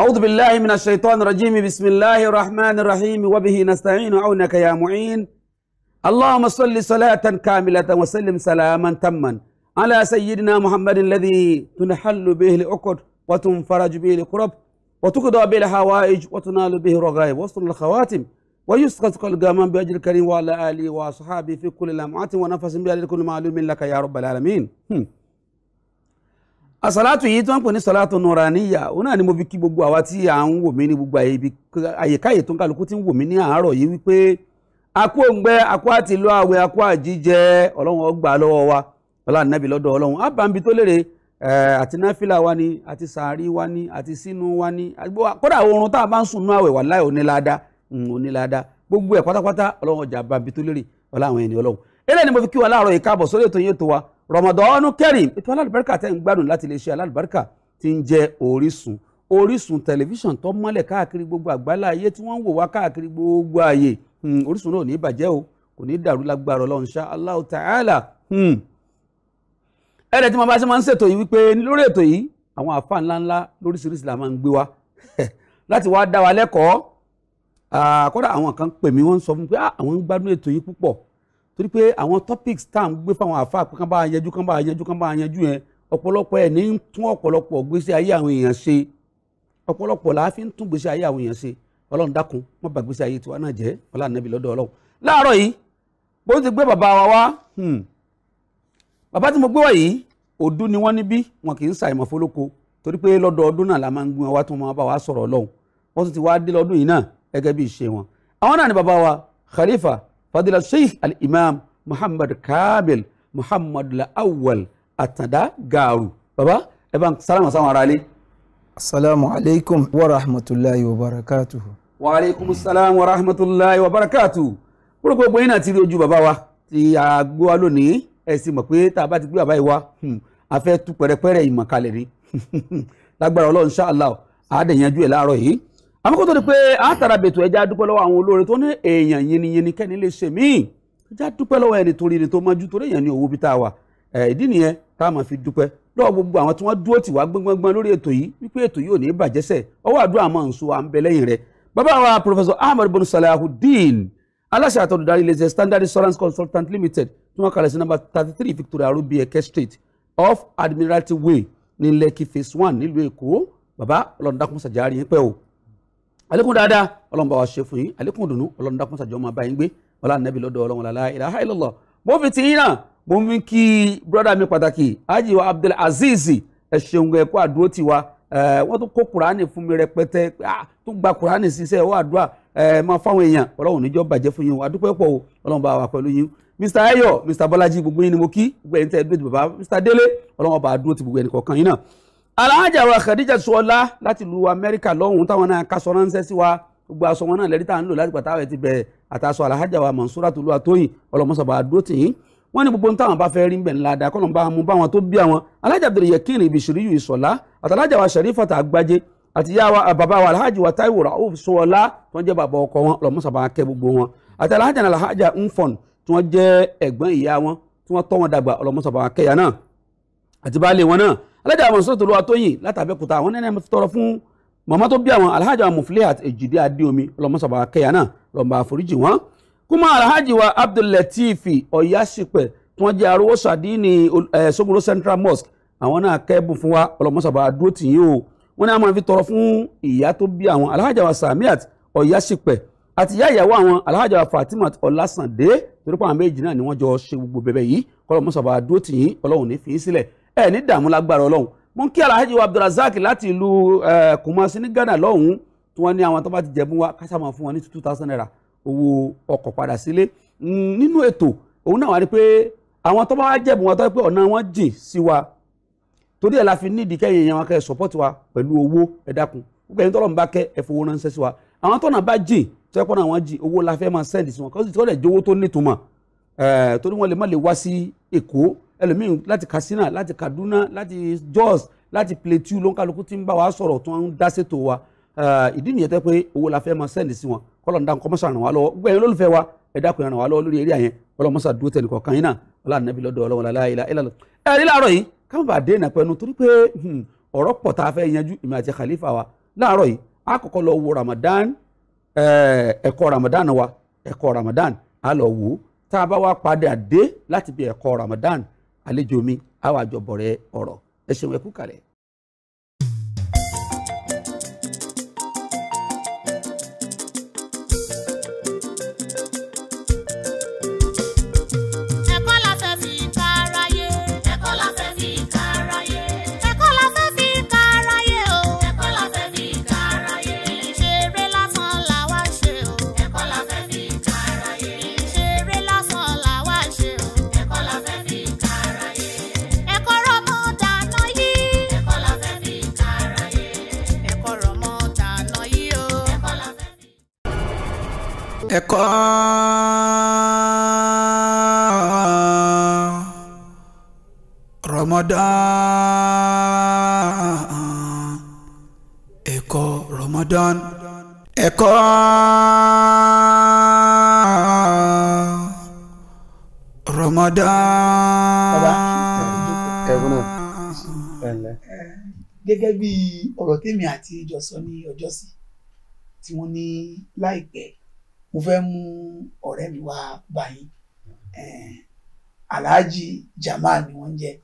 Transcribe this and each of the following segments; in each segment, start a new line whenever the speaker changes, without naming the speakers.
أعوذ بالله من الشيطان الرجيم بسم الله الرحمن الرحيم وبه نستعين عونك يا معين اللهم صل صلاة كاملة وسلم سلاما تما على سيدنا محمد الذي تنحل به العقد وتنفرج به الكرب وتقضى به الحوائج وتنال به الرغائب وصل الخواتم ويسقط القمم بأجل الكريم وعلى آله وأصحابه في كل لمعة ونفس بأجر كل معلوم لك يا رب العالمين àsàlátù yìí tí wọ́n ń pè ní sàlátù nùràníyà òun náà ni mo fi kí gbogbo àwa tí à ń wò mí ní gbogbo àyíkáyè tó ń kálukú tí ń wò mí ní àárọ̀ yìí wípé akú òǹgbẹ akú àti ìlú àwẹ̀ akú àjíjẹ ọlọ́run ọgbà lọ́wọ́ wa ọlá nàbì lọ́dọ̀ ọlọ́run àbámbi tó lérè eh, àti náfìlà wa ni àti sàárì wa ni àti sínú wa ni kódà oorun tá a bá ń sùn nú àwẹ̀ wà láì onílàádá rọmọdọ́nù kẹrin ètò alálùbáríkà tẹ́ ń gbádùn láti iléeṣẹ́ alálùbáríkà tí ń jẹ́ orísun orísun tẹlifíṣàn tó mọ́lẹ̀ káàkiri gbogbo àgbálá ayé tí wọ́n ń wò wá káàkiri gbogbo ayé hmm, orísun náà ò ní bàjẹ́ o kò ní dàrú lágbára ọlọ́run ṣá Allahu Ta'ala hmm. ẹ̀rẹ̀ tí mo bá ṣe máa ń ṣètò yìí wípé lórí ètò yìí àwọn àfa ńláńlá lóríṣiríṣi la máa ń gbé wa láti wá dá wa lẹ́kọ̀ọ́ ah, kódà àwọn kan pè mí wọ́n sọ fún mi pé ah, àwọn ń gbádùn ètò yìí púpọ̀ torí pé àwọn topics tá à ń gbé fáwọn àfa pé kán bá yanjú kán bá yanjú kán bá yanjú yẹn ọ̀pọ̀lọpọ̀ ẹ̀ ní ń tún ọ̀pọ̀lọpọ̀ gbésí ayé àwọn èèyàn ṣe ọ̀pọ̀lọpọ̀ là á fi ń tún gbésí ayé àwọn èèyàn ṣe ọlọ́run dákun wọ́n bá gbésí ayé tiwa náà jẹ́ ọlá ànábì lọ́dọ̀ ọlọ́run láàárọ̀ yìí bó ti gbé bàbá wa wá hmm, bàbá tí mo gbé wá yìí òdú ni wọ́n níbí wọn kì í ṣàìmọ̀ fólóko torí pé lọ́dọọdún náà la máa ń gbé wọn wá tó máa bá wa sọ̀rọ̀ ọlọ́run wọ́n tún ti wá dé lọ́dún yìí náà gẹ́gẹ́ bí ìṣe wọn àwọn náà ni bàbá wa Khalifa fadila sheikh al-imam muhammad kamil muhammad lawal àtàndá gaaru baba ẹ bá ń sálámà sáwọn ará ilé.
asalaamu alaykum wa rahmatulahi wa barakatuhu.
wa aleykum salaam wa rahmatulahi wa barakatuhu. kúrò gbogbo yín náà ti rí ojú bàbá wa tí a lónìí ẹ sì mọ̀ pé tá a bá ti gbé bàbá yìí wa hmm, a fẹ́ tú pẹ̀rẹ̀pẹ̀rẹ̀ ìmọ̀ ni lágbára ọlọ́run ṣáàlà àádẹ́yẹnjú ẹ̀ láàárọ̀ yìí àmọ́ kó tó di pé àtàrà bètò ẹja dúpẹ́ lọ́wọ́ àwọn olóore tó ní èèyàn yinyinyin kẹ́ni lè ṣe míì ẹja dúpẹ́ lọ́wọ́ ẹni torí ẹni tó mọ́jú torí èèyàn ní owó bí tá a wà ìdí nìyẹn tá a máa fi dúpẹ́ lọ́wọ́ gbogbo àwọn tí wọ́n dúró tì wá gbọ́ngbọ́ngbọ́n lórí ètò yìí wípé ètò yìí ò ní bàjẹ́sẹ̀ ọwọ́ àdúrà máa ń so à ń bẹ lẹ́yìn rẹ̀ bàbá wa professor ahmed bin salahudeen aláṣẹ àtọ̀dọ̀darí iléeṣẹ́ standard insurance consultant limited tí number thirty three victoria rubi eke street off admiralty way ní lekki one nílùú èkó bàbá ọlọ́dún dákun sàjáàrí àlékún dáadáa ọlọ́run bá wa ṣe fún yín àlékún ìdùnnú ọlọ́run dákun sàjọ máa bá yín gbé ọlá nàbí lọ́dọ̀ ọlọ́run làlá ilaha illallah mo fi ti yín náà mo mú kí brọ́dà mi pàtàkì ají wa Abdul Aziz ẹ ṣeun ẹ kó àdúró tiwa wọ́n tún kó kùránì fún mi rẹpẹtẹ tún gba kùránì ṣiṣẹ́ ẹ̀wọ́ àdúrà máa fáwọn èèyàn ọlọ́run níjọ́ bàjẹ́ fún yín adúpẹ́ pọ̀ o ọlọ́run wa pẹ̀lú yín mr Ayo, mr bọ́lájí gbogbo yín ni mo kí gbogbo ẹ̀yin tẹ́ ẹ dúró ti bàbá mr délé ọlọ́run bá dúró ti gbogbo ẹnì kọ̀ọ̀kan yín náà aláàjà wa Khadija Ṣọlá láti ìlú Amẹ́ríkà lọ́hùn táwọn náà kaṣọ ránṣẹ́ sí wa gbogbo aṣọ wọn náà lẹ́rí tá à ń lò láti pàtàkì ti bẹ̀rẹ̀ àtàṣọ aláàjà wa Mansuratu Olúwatóyìn ọlọmọsọba àdótìyín wọ́n ní gbogbo táwọn bá fẹ́ rí nbẹ̀ ńlá dà kọ́nà bá mú báwọn tó bí àwọn alájà Abdul Yakin Ibishiriyu Ìṣọ̀lá àtàlájà wa Sharifat Àgbájé àti ìyá wa bàbá wa alhaji wa Taiwo Rauf Ṣọlá tó ń jẹ́ bàbá ọkọ wọn ọlọmọsọba akẹ́ gbogbo wọn àtàlájà náà alhaja Nfon tí wọ́n jẹ́ ẹ̀gbọ́n ìyá wọn tí wọ́n tọ́ dàgbà ọlọmọsọba akẹ́yà náà àti baálé wọn náà alájà mọ̀sọ́tò lọ́wọ́ tóyìn látàbẹ́kúta àwọn nẹ́nẹ́ mo fi tọrọ fún màmá tó bí àwọn alhaji wa muflihat èjìdí adéomi ọlọmọsọba akẹyà náà lọmọ àforíjì wọn kúmọ alhaji wa abdullatifi ọyásípẹ tí wọn jẹ arówó sàdínì sogoro central mosque àwọn náà kẹ́bùn fún wa ọlọmọsọba adúró tìyín o wọn ní àwọn fi tọrọ fún ìyá tó bí àwọn alhaji wa samiat ọyásípẹ àti ìyá ìyàwó àwọn alhaji wa fatima ọlásàndé torípọ̀ àwọn méjì náà ni wọ́n jọ ṣe gbogbo bẹ̀bẹ̀ yìí kọlọmọsọba adúró tìyín ọlọ́run ní ẹ ní dààmú lágbára ọlọ́run mo ń kí alhaji wa abdulrasaq láti ìlú kùmọ̀sí ní ghana lọ́hùn-ún tí wọ́n ní àwọn tó bá ti jẹ̀bú wa kásá máa fún wọn ní two thousand naira owó ọkọ̀ padà sílé nínú ètò òun náà wà ní pé àwọn tó bá wá jẹ̀bú wọn tó pé ọ̀nà wọn jìn sí wa torí ẹ̀ la fi nídìí kẹ́yìn èèyàn wọn kẹ́ ẹ̀ support wa pẹ̀lú owó ẹ dákun gbogbo ẹni tọ́lọ́run bá kẹ́ ẹ fowó ránṣẹ́ sí wa àwọn tọ́nà bá jìn tó yẹ kọ́nà wọn jìn owó la fẹ́ máa ẹlòmíín láti Katsina láti Kaduna láti Jos láti Plateau ló ń kálukú tí ń bá wa sọ̀rọ̀ tó ń dá ṣètò wa eh, ìdí nìyẹn tẹ́ pé owó la fẹ́ máa sẹ́ndì sí wọn kọ́lọ̀ ń dá nǹkan mọ́sàn ràn wá lọ́wọ́ gbẹ̀yìn olólùfẹ́ wa ẹ dákun ràn wá lọ́wọ́ lórí eré àyẹn kọ́lọ̀ mọ́sàn dúró tẹ̀ nìkan kan yín náà ọlá nàbí hmm, Khalifa wa láàárọ̀ yìí a kọ́kọ́ lọ wo Ramadan eh, ẹ̀kọ́ Ramadan wa ẹ̀kọ́ Ramadan a lọ wò tá a bá wá padà dé láti bí ẹ̀kọ́ Ramadan àlejò mi àwa àjọbọ̀rẹ́ ọ̀rọ̀ ẹ ṣeun ẹ kú kalẹ̀.
Ramadan ẹ̀kọ́ Ramadan ẹ̀kọ́ Ramadan. gẹ́gẹ́ bí ọ̀rọ̀ tèmi àti ìjọ sọ ní ọjọ́ sí tí wọ́n ní láìpẹ́ mo fẹ́ mú ọ̀rẹ́ mi wá báyìí aláàjì Jamal ni wọ́n ń jẹ́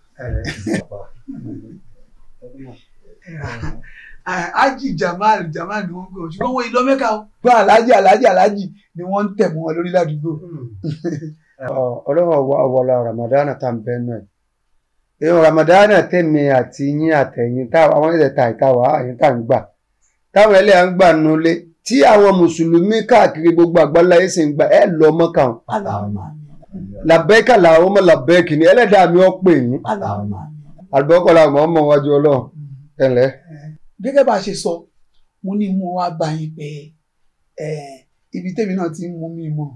aji jamal jamal ni wọn gbé ojú wọn ìlọ mẹ́ka o. gbọ́n alájì alájì alájì ni wọ́n ń tẹ̀ mọ́ wọn lórí ládùúgbò. ọlọ́run ọ̀wọ́lá ramadana tá à ń bẹ́ náà èèyàn
ramadana tẹ̀mí àti yín àtẹ̀yìn àwọn ẹ̀ta ìtawà àyín tá à ń gbà táwọn ẹlẹ́yà ń gbà nulẹ̀ tí àwọn mùsùlùmí káàkiri gbogbo àgbáláyé sì ń gbà ẹ̀ lọ́mọ́kàn. aláwọ̀ máa làbẹ́kà làwọn ọmọ làbẹ́kì ni ẹlẹ́dàá mi ọ́ pè yín àlùbọ́kọ̀ làwọn ọmọ wájú ọlọ́run mm. ẹ̀lẹ́.
gẹ́gẹ́ bá a ṣe sọ mo ní mo wá gba yín pé ibi tèmi náà ti ń mú mi mọ̀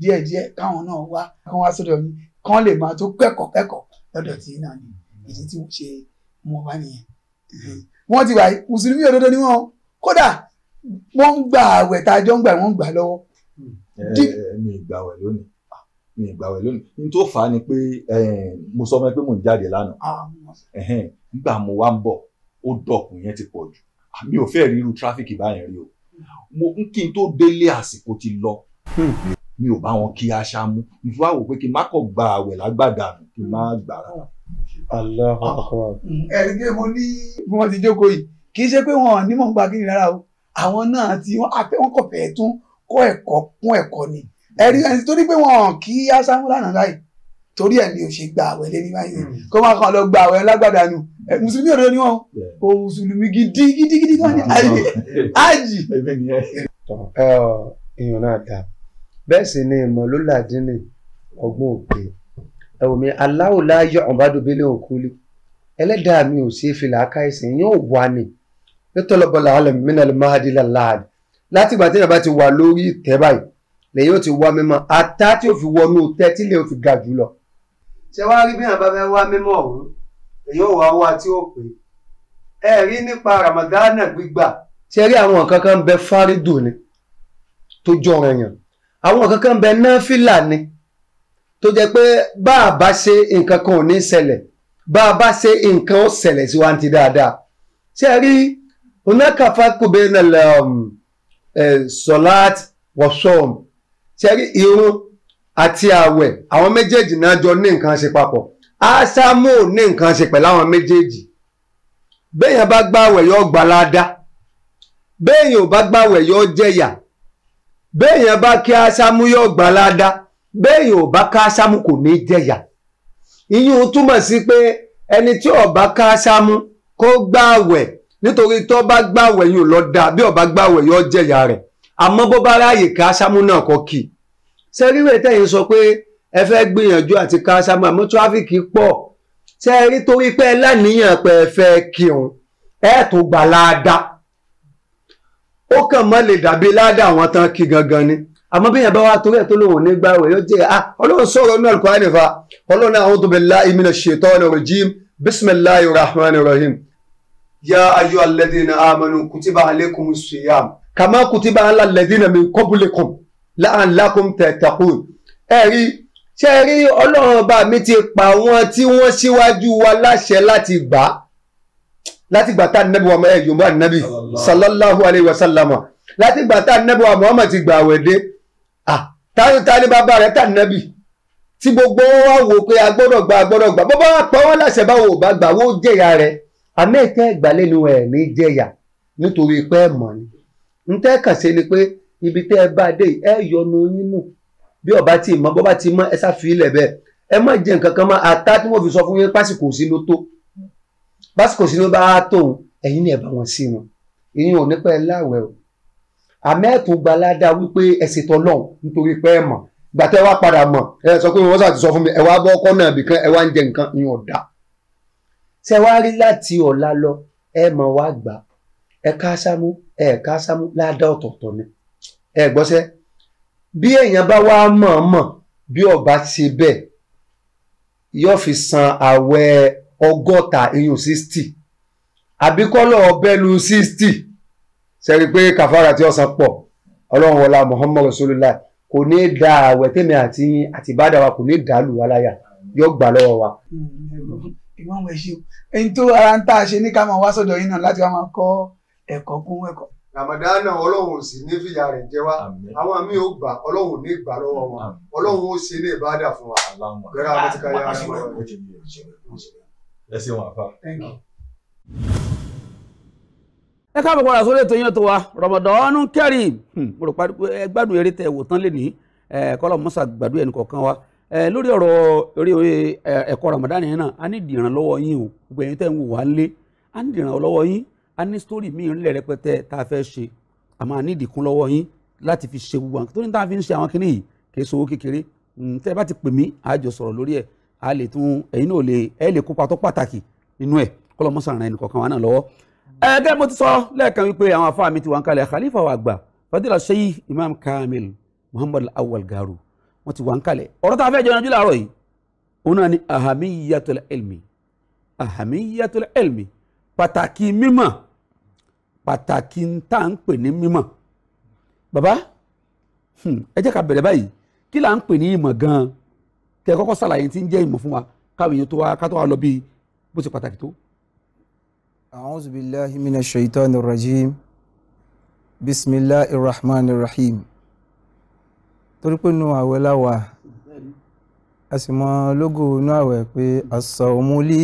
díẹ̀díẹ̀ káwọn náà wá kán wá sọ́dọ̀ yín kán lè máa tó kẹ́kọ̀ọ́ kẹ́kọ̀ọ́ lọ́dọ̀ tí náà ni ìdí tí mo ṣe mo wá nìyẹn. Mm. wọ́n ti wà mùsùlùmí òdodo ni wọ́n kódà wọ́n ń gba àwẹ̀ tá a jọ ń gbà wọ́n ń gbà lọ́wọ́. Mm. ẹ ẹ mi ìgbà wẹ̀
lónìí mi ìgbàwẹ̀ lónìí ní tó fà á ni pé eh, mo sọ fún ẹ pé mò ń jáde lánàá ah, nígbà mo wá ń bọ̀ ó dọ̀kùn yẹn ti pọ̀ jù ah, mi ò fẹ́ rí irú tráfíkì báyẹn rí o mo ń kí n tó délé àsìkò ti lọ mi ò bá wọn kí aṣá mú mo fi wá wò pé kí n má kọ̀ gba àwẹ̀ lágbàdà mi kí n má gbà rárá. Allahu akbar.
ẹ̀rí pé mo ní bí wọ́n ti jókòó yìí kì í ṣe pé wọn ò ní mọ̀ ń gba kí ni rárá o àwọn náà ti wọ́n kọ̀ fẹ́ tún kọ́ ẹ̀kọ́ kún ẹ̀kọ́ ni ẹ̀rí ẹni tó ní pé wọn kí asámú lánàá láì torí ẹ̀ ni ò ṣe gba àwẹ̀ lẹ́ni báyìí hmm. kó máa kàn lọ gba àwẹ̀ lágbàdà nù mùsùlùmí òdo ni wọn o mùsùlùmí gidi gidi gidi kan ní àjì àjì.
èèyàn náà dà bẹ́ẹ̀ sì ni ìmọ̀ ló làdín ní ọgbọ́n òpè ẹ̀wọ̀n mi aláwọ̀ láyọ̀ ọ̀bádùbílẹ̀ òkúlé ẹlẹ́dàá mi ò sí fi làákà ẹ̀sìn yóò wà ní nítorí ọ̀bọ̀là alẹ́ mi náà lè máa dí láàdì látìgbà tí yàrá bá ti wà lórí ìtẹ́ báyìí lẹ́yìn ó ti wá mímọ́ ata tí ó fi wọnú tẹ́tí lè ó fi ga jù lọ. ṣé wàá rí bí àbá fẹ́ wá mímọ́ ọ̀hún èyí ò wá wá tí ó pè é rí nípa ramadana gbígbà. ṣé rí àwọn nǹkan kan bẹ fárídù ni tó jọra yàn àwọn nǹkan kan bẹ náfìlà ni tó jẹ́ pé bá a bá ṣe nǹkan kan ò ní ṣẹlẹ̀ bá a bá ṣe nǹkan ó ṣẹlẹ̀ sí wa ti dáadáa ṣé rí onákàfà kò bẹ́ẹ̀ nà um, eh, sọ̀láàtì wọ̀ṣọ́ọ̀mù ṣẹ́rí irun àti àwẹ̀ àwọn méjèèjì náà jọ ní nǹkan ṣe papọ̀ ásámù ní nǹkan ṣe pẹ̀lú àwọn méjèèjì béèyàn bá gbàwẹ̀ yóò gbà ládàá bá gbàwẹ̀ yóò jẹ̀yà béèyàn bá kí ásámù yóò gbà ládàá bá ká ásámù kò ní jẹ̀yà ìyún túmọ̀ sí pé ẹni tí ká ásámù kó gbàwẹ̀ nítorí tó bá gbàwẹ̀ lọ dáa ṣe rí wẹ́ẹ́ tẹ̀yìn sọ pé ẹ fẹ́ gbìyànjú àti ká sámú àmọ́ tráfíkì pọ̀ ṣe rí torí pé ẹ láníyàn pé ẹ fẹ́ kírun ẹ tó gbà láàdá ó kàn mọ́ lè dàbí láàdá àwọn tán kí gangan ni àmọ́ bí yẹn bá wá torí ẹ̀ tó lòun nígbà rẹ̀ yóò jẹ́ ah ọlọ́run sọ̀rọ̀ ní alukóra nìfa ọlọ́run a'udhu billahi minash shaitanir rajim bismillahir rahmanir rahim ya ayyuhalladhina amanu kutiba alaykumus siyam kama kutiba alal ladhina min qablikum la'allakum tattaqun ẹ rí ṣe rí ọlọ́run ọba mi ti pa wọn tí wọ́n síwájú wa láṣẹ láti gbà á láti gbà tá nẹ́bí wa ẹ̀ yorùbá nẹ́bí sallallahu alayhi wa sallam láti gbà tá nẹ́bí wa muhammad ti gbà wẹ̀dẹ́ ah táyọ̀ tá ní bàbá rẹ̀ tá nẹ́bí tí gbogbo wọn wá wò pé a gbọ́dọ̀ gbà a gbọ́dọ̀ gbà bọ́ bá wà pa wọ́n láṣẹ báwo ò bá gbà wọ́n jẹ̀yà rẹ̀ àmẹ́ẹ̀kẹ́ ìgbàlẹ́nu ẹ̀ ní jẹ̀yà nítorí pé ẹ̀ ni ntẹ́ kàn ni pé ibi tẹ́ ẹ bá dé ẹ yọnu yín nù bí ọba tí mọ bọba tí mọ ẹ ṣàfi ilẹ̀ bẹ́ẹ̀ ẹ má jẹ nǹkan kan mọ́ ata tí wọ́n fi sọ fún yín pásìkò sí ló tó pásìkò sí ló bá tó ẹ̀yin ni ẹ bá wọn sí wọn ìyẹn ò ní pẹ́ láwẹ̀ o àmẹ́ẹ̀tún gbalada wípé ẹ ṣètò Ọlọ́run nítorí pé ẹ mọ̀ gbàtẹ́ wá padà mọ̀ ẹ sọ pé wọ́n ṣàti sọ fún mi ẹ wá bọ́ ọkọ náà bìkan ẹ wá ń jẹ nǹkan ìyẹn ọ̀dà ṣe wá rí láti ọ̀la lọ ẹ mọ̀ wá gbà ẹ káṣámú ẹ káṣámú ládàá ọ̀tọ̀ọ̀tọ̀ ni ẹ gbọ́sẹ́ bí èèyàn bá wá mọ̀ọ́mọ̀ bí ọba ṣe bẹ́ẹ̀ yóò fi san àwẹ̀ ọgọ́ta iyùn sixty àbíkọ́lọ̀ ọbẹ̀ sixty sẹ́rí pé kàfàrà tí ọ̀sán pọ̀ ọlọ́run wọlá muhammadu rasulullah kò ní í da àwẹ̀ tèmi àti yín àti ìbádà wa kò ní í dà á lù wá láyà yóò gbà lọ́wọ́ wa.
ìwọ̀n ẹ̀ṣin ẹni tó ara ń tà ṣe ní ká máa wá sọ́dọ̀ yín náà láti wá máa kọ́ ẹ̀kọ́ kún ẹ̀kọ́
ramadana ọlọ́run ò sì ní fìyà rẹ̀ jẹ wá àwọn míì ò gbà ọlọ́run ò ní gbà lọ́wọ́ wọn ọlọ́run ó ṣe ní ìbáàdà fún wa bẹ́ẹ̀ àwọn ti ká yára
ẹ
ṣe wọn àfa. ẹ káàbọ̀ padà sórí ètò yín tó wa Ramadan Kareem hmm, mo rò pa gbádùn eré tẹ̀ wò tán lé ní kọ́lọ̀ mọ́sà gbàdúrà ẹnì kọ̀ọ̀kan wa lórí ọ̀rọ̀ eré ẹ̀kọ́ Ramadan yẹn náà a ní ìdìrànlọ́wọ́ yín o gbogbo tẹ̀ ń wò wá lé a ní ìdìrànlọ́wọ́ yín a ní sítórì míì ńlẹ̀ rẹpẹtẹ tá a fẹ́ ṣe àmọ́ a ní ìdìkún lọ́wọ́ yín láti fi ṣe gbogbo àwọn tó ní tá a fi ń ṣe àwọn kinní yìí kì í sowó kékeré hmm, tẹ́ ẹ bá ti pè mí a jọ sọ̀rọ̀ lórí ẹ̀ a lè tún ẹ̀yin náà lè ẹ̀ lè kópa tó pàtàkì nínú ẹ̀ kọ́lọ́mọ́sàn rẹ̀ nìkọ̀ọ̀kan wa náà lọ́wọ́ wà náà ni pàtàkì mímọ̀ pàtàkì tá à ń pè ní mímọ̀ bàbá hmm, ẹ jẹ́ ká bẹ̀rẹ̀ báyìí kí là ń pè ní ìmọ̀ gan-an kẹ́ kọ́kọ́ ṣàlàyé tí ń jẹ́ ìmọ̀ fún wa káwọn èèyàn tó wá ká tó wá lọ bí bó ṣe pàtàkì
tó. a'udhu billahi minash shaitani rajim bismillahir rahmanir rahim torí pé nu àwẹ̀ la wà lógo inú àwẹ̀ pé àṣà òmùlí.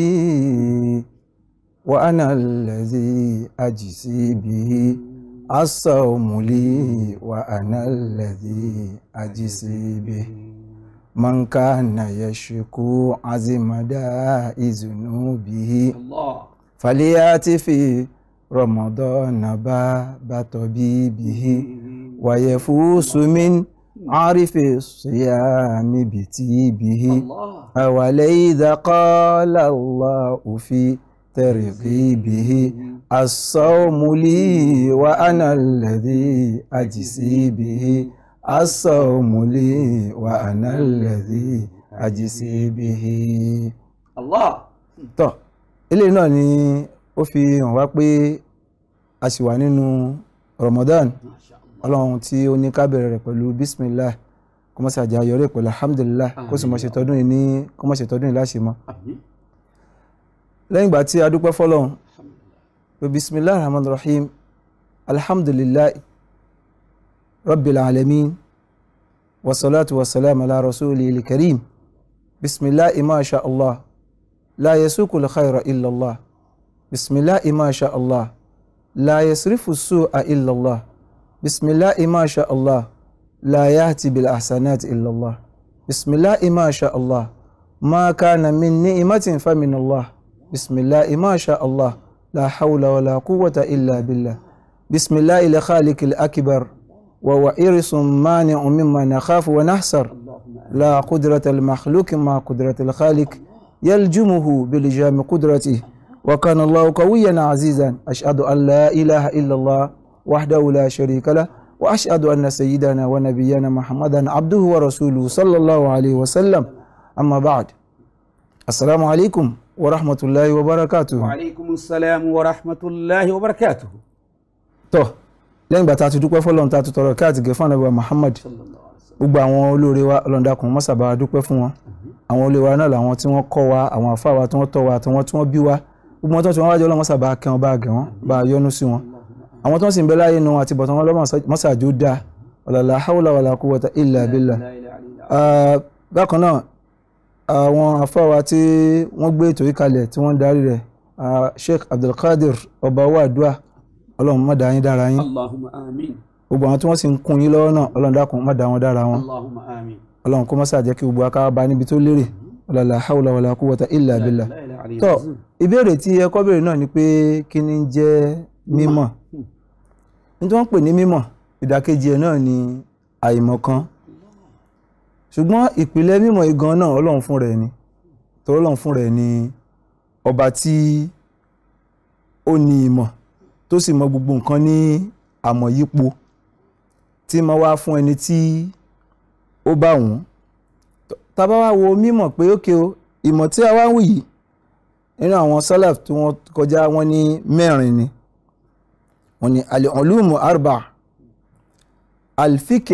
وأنا الذي أجزي به الصوم لي وأنا الذي أجزي به من كان يشكو عزم داء ذنوبه فليأت في رمضان باب طبيبه ويفوس من عرف الصيام بتيبه أولئذ قال الله في ترقي به الصوم لي وأنا الذي أجسي به الصوم لي وأنا الذي أجسي به Allah. tọ́ eléyìí náà ni ó fi hàn wá pé a sì wà nínú Ramadan ọlọ́run tí ó ní ká bẹ̀rẹ̀ rẹ̀ pẹ̀lú bismillah kó má pẹ̀lú alhamdulillah kó sì mọ̀ ṣe tọdún yìí ní kó tọdún yìí láṣẹ lẹ́yìn ìgbà tí a dúpẹ́ fọ́lọ́run bisimilah rahman rahim alhamdulilayi rabbil alamin wasalaatu wasalaam ala rasulihi karim bisimilah imaasha allah la yasuku lkhayra illa allah bisimilah imaasha allah la yasrifu su'a illa allah bisimilah imaasha allah la yahti bil ahsanat illa allah bisimilah imaasha allah ma kana min ni'matin famin allah. بسم الله ما شاء الله لا حول ولا قوة إلا بالله بسم الله لخالق الأكبر ووئرس مانع مما نخاف ونحسر لا قدرة المخلوق ما قدرة الخالق يلجمه بلجام قدرته وكان الله قويا عزيزا أشهد أن لا إله إلا الله وحده لا شريك له وأشهد أن سيدنا ونبينا محمدا عبده ورسوله صلى الله عليه وسلم أما بعد السلام عليكم wa rahmatulahi wa barakatuhu. wa
aleykum salaam wa rahmatulahi wa barakatuhu.
tọ́ lẹ́yìn ìgbà tá a ti dúpẹ́ fọlọ́run tá a ti tọrọ káàtì gẹ̀fọ́n náà bá Muhammad gbogbo àwọn olóore wa ọlọ́ndàkùn mọ́sàbá dúpẹ́ fún wọn àwọn olóore wa náà làwọn tí wọ́n kọ́ wa àwọn àfa wa tí wọ́n tọ́ wa tí wọ́n tí wọ́n bí wa gbogbo wọn tó ti wọn wájú ọlọ́mọ́sà bá kẹ́ bá gẹ̀ wọn bá yọ́nú sí wọn àwọn tó ń sì ń láyé nu àti bọ̀tán wọn lọ́mọ́sàjó dáa ọ̀làlà haúlà wàlà ìlà bílà bákan náà àwọn afáwa tí wọ́n gbé ètò yìí kalẹ̀ tí wọ́n darí rẹ̀ Sheikh Abdulkadir ọba owó àdúrà ọlọ́run má dá yín dára yín Allahumma àmín gbogbo àwọn tí wọ́n sì ń kún yín lọ́wọ́ náà ọlọ́run dákun má dá wọn dára wọn Allahumma àmín ọlọ́run kó má ṣàjẹ́ kí gbogbo akáwá níbi tó lérè ọlọ́la haúlá wàlá quwwata illa billah tó ìbéèrè tí ẹ kọ́ béèrè náà ni pé kí ni ń jẹ́ mímọ̀ hmm. ní tí wọ́n ń pè ní mímọ̀ ìdàkejì náà ni àìmọ̀kan ṣùgbọ́n ìpìlẹ̀ mímọ̀ igan náà ọlọ́run fún rẹ̀ ni torí ọlọ́run fún rẹ̀ ni ọba tí ó ní ìmọ̀ tó sì mọ gbogbo nǹkan ní àmọ̀yípo tí máa wá fún ẹni tí ó bá wùn tá wá wo mímọ̀ pé ókè o ìmọ̀ tí a wá ń wù yìí nínú àwọn salaf tí wọ́n kọjá wọ́n ní mẹ́rin ni wọ́n ní al arba al-fiqh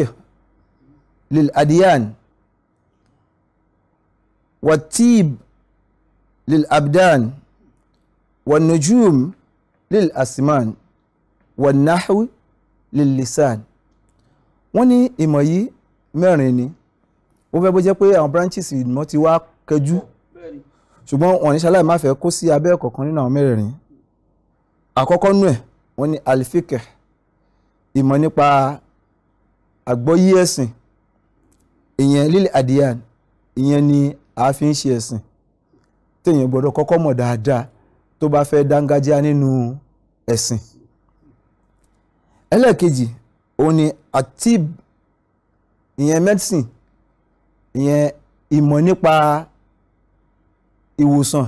lil adiyan والتيب للأبدان والنجوم للأسمان والنحو للسان wọ́n ní مريني yìí mẹ́rin ni ó fẹ́ bó jẹ́ pé àwọn branches ìmọ̀ ti wá kẹjú ṣùgbọ́n wọ́n ní ṣaláì má fẹ́ kó sí abẹ́ ọ̀kọ̀ọ̀kan nínú àwọn mẹ́rẹ̀ẹ̀rin àkọ́kọ́ nú ẹ̀ wọ́n ní alifike ìmọ̀ nípa àgbọ́yé ẹ̀sìn ìyẹn lílẹ̀ adiyan ìyẹn ni a fi ń ṣe ẹ̀sìn téèyàn gbọ́dọ̀ kọ́kọ́ mọ̀ dáadáa tó bá fẹ́ dángájá nínú ẹ̀sìn ẹlẹ́ẹ̀kejì òun ni atib ìyẹn medicine ìyẹn ìmọ̀ nípa ìwòsàn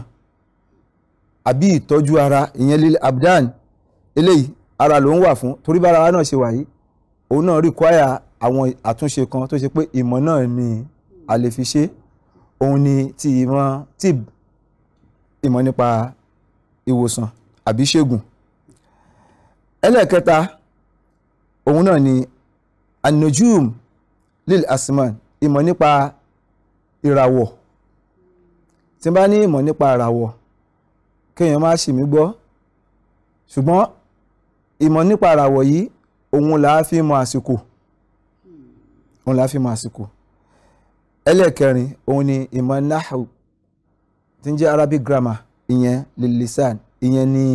àbí ìtọ́jú ara ìyẹn lílẹ̀ abdan eléyìí ara ló ń wà fún torí bára wa náà ṣe wà yìí òun náà require àwọn àtúnṣe kan tó ṣe pé ìmọ̀ náà ni a lè fi ṣe é òun ni ti ìmọ̀ tib ìmọ̀ nípa ìwòsàn àbí ṣègùn ẹlẹ́ẹ̀kẹta òun náà ni anojum lil asman ìmọ̀ nípa ìràwọ̀ tí n bá ní ìmọ̀ nípa ìràwọ̀ kéèyàn má ṣì mí gbọ́ ṣùgbọ́n ìmọ̀ nípa ìràwọ̀ yìí òun là á fi mọ àsìkò òun là á fi mọ àsìkò ẹlẹ́ẹ̀kẹrin òun ni ìmọ̀ nahu tí ń jẹ́ arabic grammar ìyẹn lilisan ìyẹn ni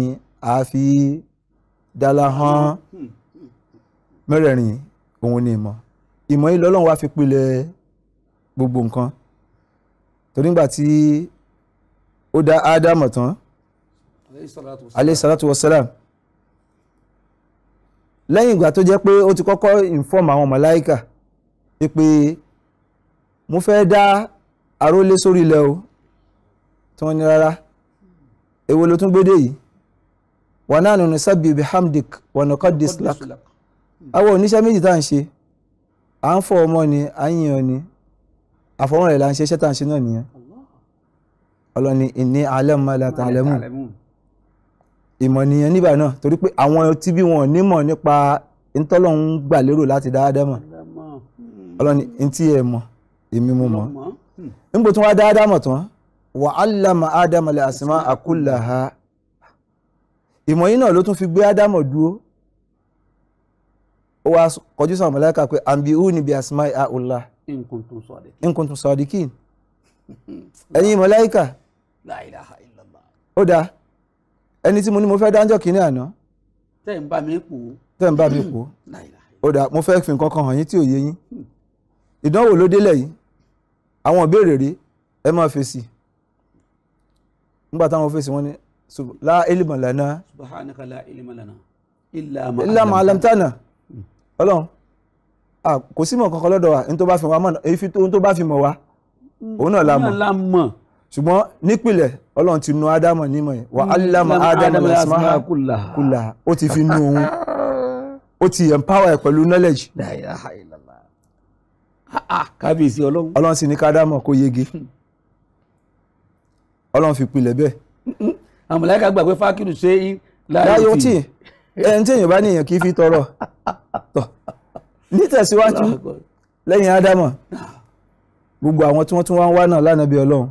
a fi dala hàn mẹ́rẹ̀ẹ̀rin òun ni ìmọ̀ ìmọ̀ yìí lọ́lọ́run wá fi pilẹ̀ gbogbo nǹkan torí nígbà tí ó dá ádámọ̀ tán aleyhi salatu wa salam lẹ́yìn ìgbà tó jẹ́ pé ó ti kọ́kọ́ inform àwọn màláìkà pé mo fẹ́ dá arólé sórí ilẹ̀ o tí wọ́n ní rárá èwo ló tún gbédè yìí wa nahnu nusabbihu bihamdik wa nuqaddis lak àwọn oníṣẹ́ méjì tá à ń ṣe à ń fọ ọmọ ni à ń yìn ni àfọwọ́n rẹ̀ là ń ṣe iṣẹ́ tá à ń ṣe náà nìyẹn ọlọ́ni inni a'lamu ma la ta'lamun ìmọ̀ nìyẹn nígbà náà torí pé àwọn tí bí wọn nímọ̀ nípa ntọ́lọ́hún gbà lérò láti dáadáa mọ̀ ọlọ́ni ntí ẹ̀ mọ̀ èmi mo mọ̀ hmm. nígbà tí wọ́n dá ádámọ̀ tán wà á lámà lè àsìmá àkúlà ha ìmọ̀ yìí náà ló tún fi gbé ádámọ̀ dúró ó wá kọjú sàmọ̀ láìka pé àǹbí ú níbi àsìmá àhùlà nkuntun sadikin ẹ̀yin mọ̀láìkà ó dáa ẹni tí mo ní mo fẹ́ dáńjọ́ kínní àná
tẹ́ ń bá mi pò
tẹ́ ń bá mi pò ó dáa mo fẹ́ fi nǹkan kan hàn yín tí ò yé yín hmm. ìdánwò ló délẹ̀ yìí àwọn ìbéèrè rí ẹ máa fèsì nígbà táwọn fèsì wọn ni la ilma lana
subhanaka la ilma lana illa ma alamtana
hmm. ọlọ́run kò sí mọ̀ kankan lọ́dọ̀ wa n tó bá fi mọ̀ èyí tó bá fi mọ̀ wa hmm. òun náà la mọ̀ ṣùgbọ́n nípìnlẹ̀ ọlọ́run ti nu ádámọ̀ nímọ̀ yẹn wà hmm. allama ádámọ̀ asmaha kullaha ó ti fi nu òun ó ti empower ẹ̀ pẹ̀lú knowledge kábíyèsí ọlọ́run ọlọ́run sì ní ká dámọ̀ kó yege hmm. ọlọ́run fi pilẹ̀ bẹ́ẹ̀.
Hmm, hmm. àmọ̀láyíká gbà pé fákìrù ṣe é
láyé tí ẹni tí èèyàn bá ní èèyàn kì í fi tọrọ nítẹ̀síwájú lẹ́yìn ádámọ̀ gbogbo àwọn tí wọ́n tún wá ń wá náà lánàá bí ọlọ́run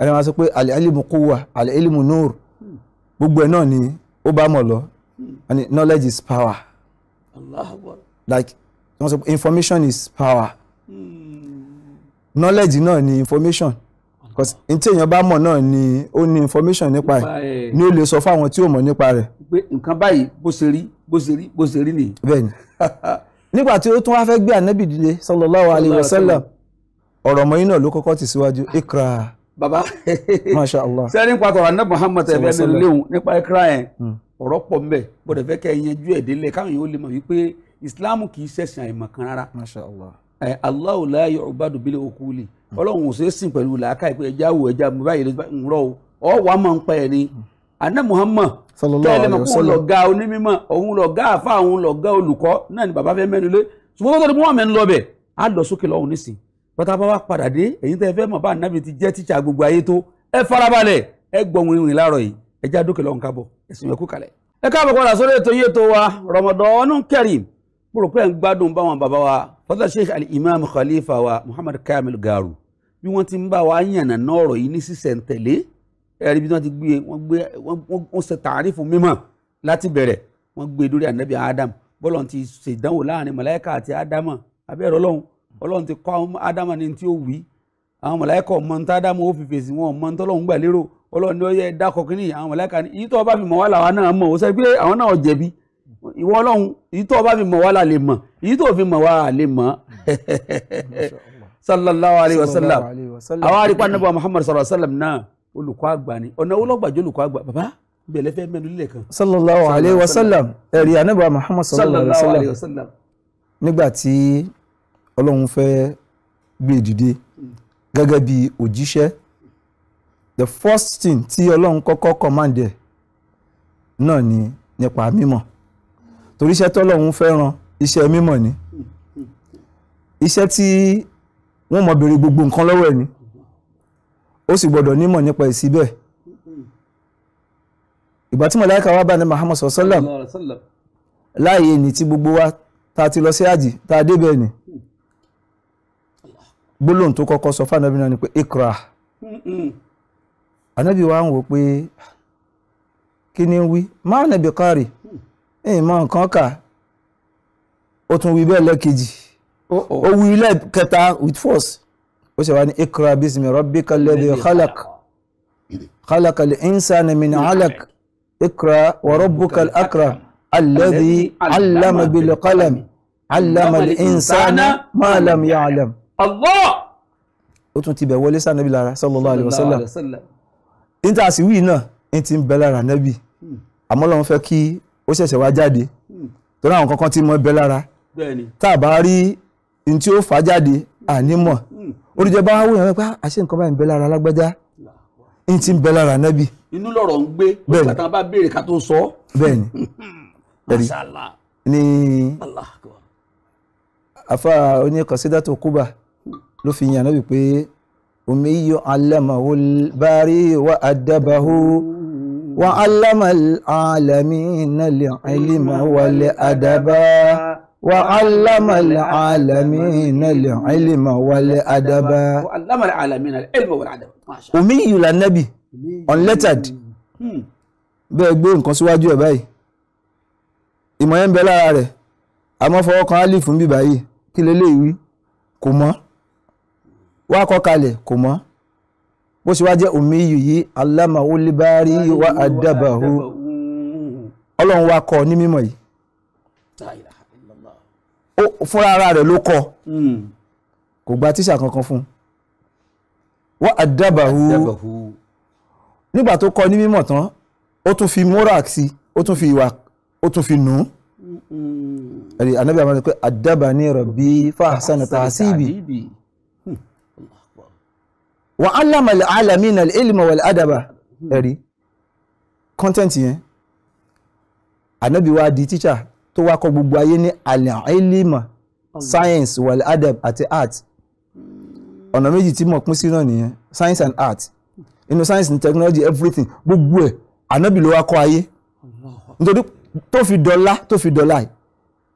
ẹni wọn sọ pé àlẹ́ ẹlẹ́mù kúwà àlẹ́ ẹlẹ́mù nóòr gbogbo ẹ̀ náà ni ó bá mọ̀ lọ knowledge is power like wọ́n sọ pé information is power. Hmm. knowledge náà ni information because n tí èèyàn bá mọ̀ náà ni ó ní information nípa
ẹ̀ ni ó
lè sọ fáwọn tí ò mọ̀ nípa rẹ̀. pé nǹkan báyìí bó ṣe rí bó ṣe rí bó ṣe rí nìyí. nígbà tí ó tún wá fẹ́ gbé sallallahu ikra.
baba pàtó muhammad nípa ikra yẹn hmm. ẹ yanjú káwọn lè islam kì í rárá. ẹ Allahu la yu'badu bil uquli Ọlọ́run ò ṣe é sìn pẹ̀lú làákà ìpè ẹja wò ẹja mú báyìí ńrọ o ọ wà á máa ń pa ẹ ni ana Muhammad tẹ́lẹ̀ mọ̀ kó lọ̀gá onímọ̀ òun lọ̀gá àfa òun lọ̀gá olùkọ́ náà ni bàbá fẹ́ mẹ́nu lé ṣùgbọ́n tó ti mú àmì ń lọ bẹ̀ á lọ sókè lọ́hùn nísìn pátá bá wá padà dé èyí tẹ́ fẹ́ mọ̀ bá ànábì ti jẹ́ tíṣà gbogbo ayé tó ẹ farabalẹ̀ ẹ gbọ̀nwìn rìn láàárọ̀ yìí ẹ já dókè lọ́hùn kábọ̀ ẹ̀sìn ẹ̀kú kalẹ̀ ẹ káàbọ̀ padà sórí ètò yìí ètò wa Ramadan Kareem mo rò pé ẹ̀ ń gbádùn báwọn bàbá wa fọ́tà sheikh al-imam khalifa wa muhammad kamil garu bí wọ́n ti ń bá wa yànnà náà ọ̀rọ̀ yìí ní sísẹ̀ntẹ̀lé ẹ̀rí bí wọ́n ti gbé wọ́n gbé wọ́n ṣe tààrífù mímọ̀ láti bẹ̀rẹ̀ wọ́n gbé dórí ànábì adam bọ́lọ̀ ti ṣèdánwò láàrin màláíkà àti ádámà abẹ́rẹ́ ọlọ́run ọlọ́run ti kọ́ ádámà ní tí ó wí àwọn màláíkà ọmọ ní tádámà ó fi fèsì wọn ọmọ ní tọ́lọ́run gbà lérò ọlọ́run ni ó yẹ dákọ̀ kínní àwọn màláíkà ní yìí tó bá fi mọ̀ wá làwa náà mọ̀ ó sẹ́ pé àwọn náà jẹ̀bi ìwọ ọlọ́run èyí tó o bá fi mọ̀ wá la mọ̀ èyí tó o fi mọ̀ wá lè mọ̀ sallallahu alayhi wa sallam
àwọn arípa nàbà
muhammad sallallahu alayhi wa sallam náà olùkọ́ àgbà ni ọ̀nà olọ́gbàjọ́ olùkọ́ àgbà bàbá bẹ̀lẹ́ fẹ́ mẹ́nu lílẹ̀ kan. sallallahu alayhi wa sallam ẹ̀rí anábà muhammad sallallahu alayhi wa sallam
nígbà tí ọlọ́run fẹ́ gbé e dìde gẹ́gẹ́ bí òjíṣẹ́ the first thing tí ọlọ́run kọ́kọ́ command ẹ̀ náà ni nípa mímọ́ torí iṣẹ́ tọ́lọ́hún fẹ́ràn iṣẹ́ mímọ́ ni iṣẹ́ tí wọ́n mọ̀ béèrè gbogbo nǹkan lọ́wọ́ ẹ̀ ni ó sì gbọ́dọ̀ nímọ̀ nípa ìsí bẹ́ẹ̀ ìgbà tí màláíkà wá bá ní Muhammad sallam láàyè ní tí gbogbo wa ta ti lọ sí àjì tá a débẹ̀ ni gbólóhùn tó kọ́kọ́ sọ fún anábì náà ni pé ikra anábì wa ń wò pé ah, kí ni ń wí má nàbì kárì ìmọ̀ nǹkan kà ó tún wí bẹ́ẹ̀ lẹ́ẹ̀kejì oh, oh. ó wí lẹ́ẹ̀kẹta with force ó ṣe wá ní ikra bismi rabbika alladhi khalaq خلق الإنسان من علق اقرأ وربك الأكرم الذي علم بالقلم علم الإنسان ما لم يعلم الله ó tún ti bẹ̀ wọlé sáà nábì lára sallallahu alayhi wa sallam níta àsìwí náà ń ti ń lára nábì hmm. àmọ́ lọ́n fẹ́ kí ó ṣẹ̀ṣẹ̀ wá jáde hmm. torí àwọn kankan tí mo bẹ lára tá a bá rí n tí ó fà jáde ànímọ̀ oríjẹ hmm. bá wò yẹn pé ah, àṣé nǹkan báyìí ń bẹ lára lágbájá n ti ń bẹ lára nábì.
inú lọ̀rọ̀ ń gbé bẹ́ẹ̀ni bàtà bá béèrè ká tó sọ. bẹ́ẹ̀ni mashallah
ni afa oní kọsídàtò kúbà ló fi yàn nábì pé omi yọ alẹ́ màwó bá rí wà á hó. وعلم العالمين العلم والأدب وعلم العالمين العلم والأدب
وعلم العالمين العلم والأدب
أمي للنبي unlettered bẹ́ẹ̀ gbé nǹkan síwájú ẹ̀ báyìí ìmọ̀ yẹn ń bẹ lára rẹ̀ àmọ́ fọwọ́ kan álìfù ń bì báyìí kí leléyìí kò mọ̀ wá kọ́ kalẹ̀ kò mọ̀ bó ṣe wá jẹ́ umiyu yìí allamahu libari wa adabahu ọlọ́run wa kọ́ ní mímọ̀ yìí fúnra ara rẹ̀ ló kọ́ hmm. kò gba tíṣà kankan fún wa adabahu nígbà tó kọ́ ní mímọ̀ tán ó tún fi morak sí ó tún fi ìwà ó tún fi nù ú hmm. ẹ̀rí anábìyàmọ́ ni pé adabani rabbi fahasana tahasibi wà á lámà alàmì nà ilmà wà ládàbà ẹ̀rí content yẹn ànábì wa di tíṣà tó wá kọ́ gbogbo ayé ní alàmà science wà ládàbà àti art ọ̀nà méjì tí mo pín sí náà nìyẹn science and art inú science and technology everything gbogbo ẹ̀ ànábì ló wá kọ́ ayé nítorí tó fi dọ́là tó fi dọ́là yìí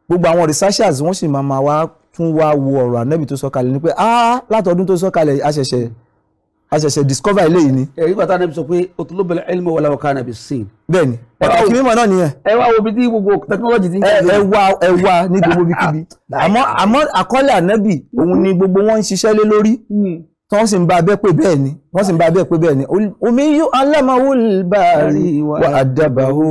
gbogbo àwọn researchers wọ́n sì máa wá tún wá wo ọ̀rọ̀ ànábì tó sọ kalẹ̀ ni pé ah látọdún tó sọ kalẹ̀ àṣẹ̀ṣẹ̀ a ṣẹ̀ṣẹ̀ discover eléyìí ni. ẹ̀rí
bàtà níbi sọ pé òtúlóbẹ̀lẹ̀ ẹ̀lmọ̀ wọlé ọ̀ká nàbì sìn. bẹ́ẹ̀ni pàtàkì mímọ̀ náà nìyẹn. ẹ wá obi tí gbogbo technology ti ń kí. ẹ wá ẹ wá
ní gbogbo bí kíbi àmọ́ àmọ́ àkọlé ànábì òun ni gbogbo wọn ń ṣiṣẹ́ lé lórí hmm. tí wọ́n sì ń bá abẹ́ pé bẹ́ẹ̀ ni wọ́n sì ń bá abẹ́ pé bẹ́ẹ̀ ni omi yóò alámàwò bàárí wà á dábàáwò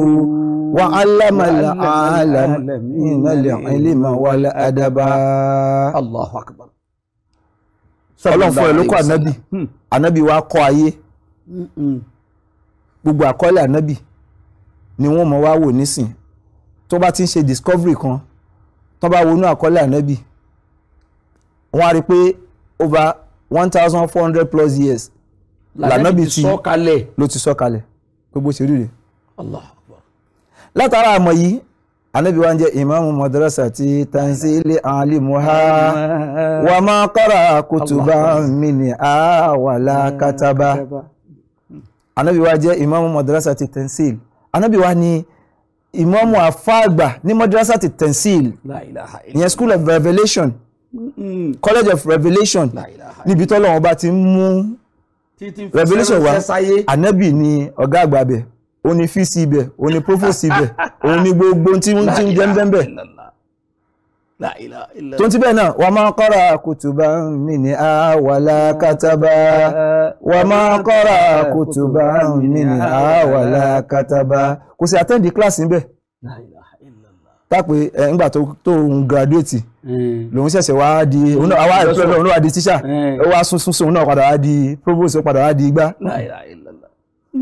wà á lámàlà àlàmì ìnàlẹ̀ ẹ̀lẹ́mà wà á dábàá. Allahu akbar
ọlọ́run fún ẹ ló kọ́ ànábì
hmm. ànábì wa kọ́ ayé gbogbo àkọọ́lẹ̀ ànábì ni wọ́n mọ̀ wá wò nísìn tó bá ti ń ṣe discovery kan tó bá wọnú àkọọ́lẹ̀ ànábì wọ́n á rí i pé over one thousand four hundred plus years lànábì ti ló ti sọ kalẹ̀ gbogbo ṣe rí rè látara àmọ̀ yìí anabi wa ń jẹ́ imamu madrasa ti tanzili alimuha wa ma qara kutuba mini a kataba anabi wa jẹ́ imamu madrasa ti tanzil anabi wa ni imamu afagba ní madrasa ti tanzil ìyẹn school of revelation college of revelation níbi tọ́lọ́wọ́n bá ti mú revelation wa anabi ni ọ̀gá àgbà bẹ́ẹ̀. ó ní fíìsì ibẹ̀ ó ní prófòsì ibẹ̀ gbogbo tí ń tí bẹ́ẹ̀ tó ń náà wọ́n máa kọ́ra kùtùbà mí ní àwàlá kátàbà
wọ́n máa kọ́ra
kátàbà kò sí níbẹ̀ tápé ẹ ńgbà tó tó ń hmm. lòun ṣẹ̀ṣẹ̀ wá di òun náà òun náà di tíṣà hmm. ó wá sún sún sún òun náà padà di provost ó padà di igbá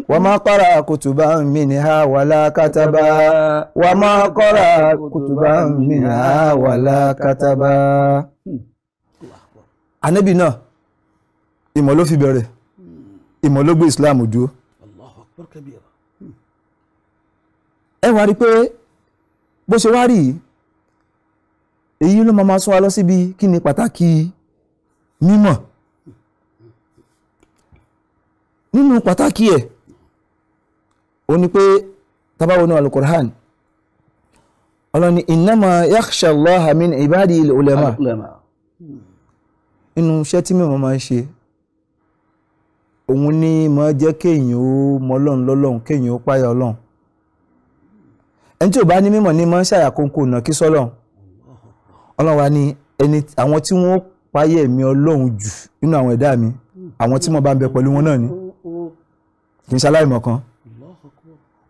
وما قرأ كتبا منها ولا كتبا وما قرأ كتبا منها ولا كتبا anabi náà ìmọ̀ ló fi bẹ̀rẹ̀ ìmọ̀ ló gbé islam dúró ẹ wá rí pé bó ṣe wá rí èyí ló máa sọ wa lọ síbi kí ni pàtàkì mímọ̀ nínú pàtàkì ó ní pé tábàwọ̀ náà alukur'an ọlọ́ni innama yakhsha Allaha min ibadil ulama inú iṣẹ́ tí mìíràn máa ń ṣe òun ni máa jẹ́ kéèyàn ó mọ ọlọ́run lọ́lọ́run kéèyàn ó páyà ọlọ́run ẹni tí ò bá ní mímọ̀ ni máa ń ṣàyàkóńkò nà kí sọ́lọ́run ọlọ́run ni ẹni àwọn tí wọ́n páyà ẹ̀mí ọlọ́run jù nínú àwọn ẹ̀dá mi àwọn tí mo bá ń bẹ pẹ̀lú wọn náà ni kì í ṣe kan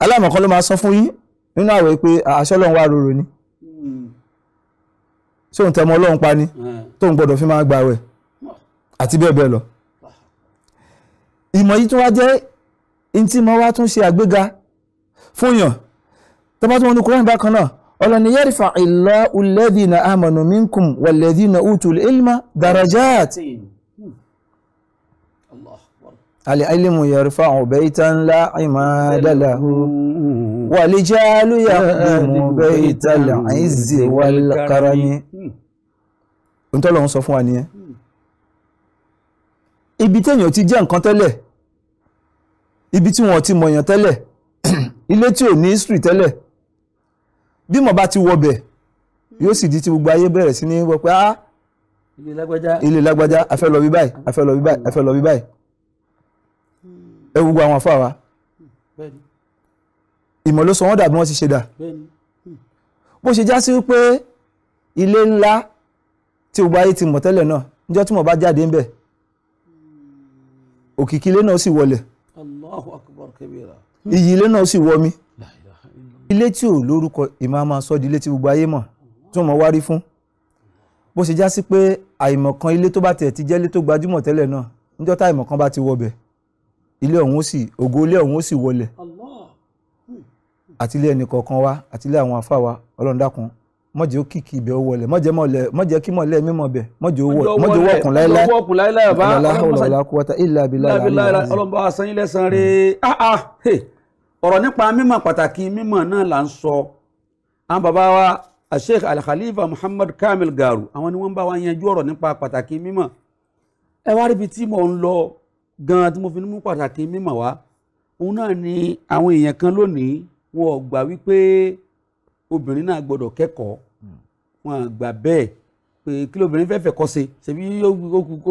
alámọ̀kan ló máa sọ fún yín nínú àwẹ̀ pé àṣẹ ọlọ́run wà rorò ni hmm. ṣé òun tẹmọ ọlọ́run pa ni hmm. tóun gbọ́dọ̀ fi máa gba àwẹ̀ àti bẹ́ẹ̀ bẹ́ẹ̀ lọ. ìmọ̀ yìí tún wá jẹ́ ntí mo wá tún ṣe àgbéga fún yàn tó bá tún wọn náà ọlọ́ni yarfa'illahu alladhina amanu minkum walladhina utul ilma darajat. Hmm. العلم يرفع بيتا لا عماد له والجال يقدم بيت العز والكرم ohun tó lọ́hún sọ fún wa nìyẹn ibi téèyàn ti jẹ́ nǹkan tẹ́lẹ̀ ibi tí wọ́n ti mọ̀yàn tẹ́lẹ̀ ilé tí ò ní history tẹ́lẹ̀ bí mo bá ti wọbẹ̀ yóò sì di ti gbogbo ayé bẹ̀rẹ̀ sí ní wọ ah, ilé lágbájá afẹ́ lọ bí báyìí afẹ́ lọ bí báyìí afẹ́ lọ bí báyìí ẹ gbogbo àwọn afá wa ìmọ̀ ló sọ wọ́n dà bí wọ́n ti ṣe dà bó ṣe já sí wípé ilé ńlá tí gbogbo ayé ti mọ̀ tẹ́lẹ̀ náà níjọ́ tí mo bá jáde ń bẹ̀ òkìkí ilé náà sì wọlẹ̀ Allahu akbar kabira iyì ilé náà sì wọ mi ilé tí ò lórúkọ ìmọ̀ máa sọ di ilé tí gbogbo ayé mọ̀ tí wọ́n mọ̀ wárí fún bó ṣe já sí pé àìmọ̀kan ilé tó bá tẹ̀ ti jẹ́lé tó gbajúmọ̀ tẹ́lẹ̀ náà níjọ́ tá àìmọ̀kan bá ti wọbẹ̀ ilé ọ̀hún ó sì ògo ilé ọ̀hún ó sì wọlé hmm. àti ilé ẹnìkọ̀ọ̀kan wa àti ilé àwọn afá wa ọlọ́run dákun mọ̀jẹ̀ ó kìkì ibẹ̀ ó wọlé mọ̀jẹ̀ mọ̀lẹ̀ mọ̀jẹ̀ kí mọ̀lẹ̀ mímọ̀ bẹ̀ mọ̀jẹ̀ ó wọ̀ ọkùn láíláí
ah, ah, ọ̀rọ̀ nípa mímọ̀ pàtàkì mímọ̀ náà là ń sọ àwọn bàbá wa Sheikh Al-Khalifa Muhammad Kamil Garu àwọn ni wọ́n bá wa yanjú ọ̀rọ̀ nípa pàtàkì mímọ̀ ẹ wá ríbi tí mò ń lọ gan tí mo fi mú pàtàkì mímọ̀ wá òun náà ni àwọn èèyàn kan lónìí wọn ò gbà wípé obìnrin náà gbọ́dọ̀ kẹ́kọ̀ọ́ wọn à gbà bẹ́ẹ̀ pé kí lóbìnrin fẹ́ẹ́ fẹ́ kọ́ ṣe ṣèbí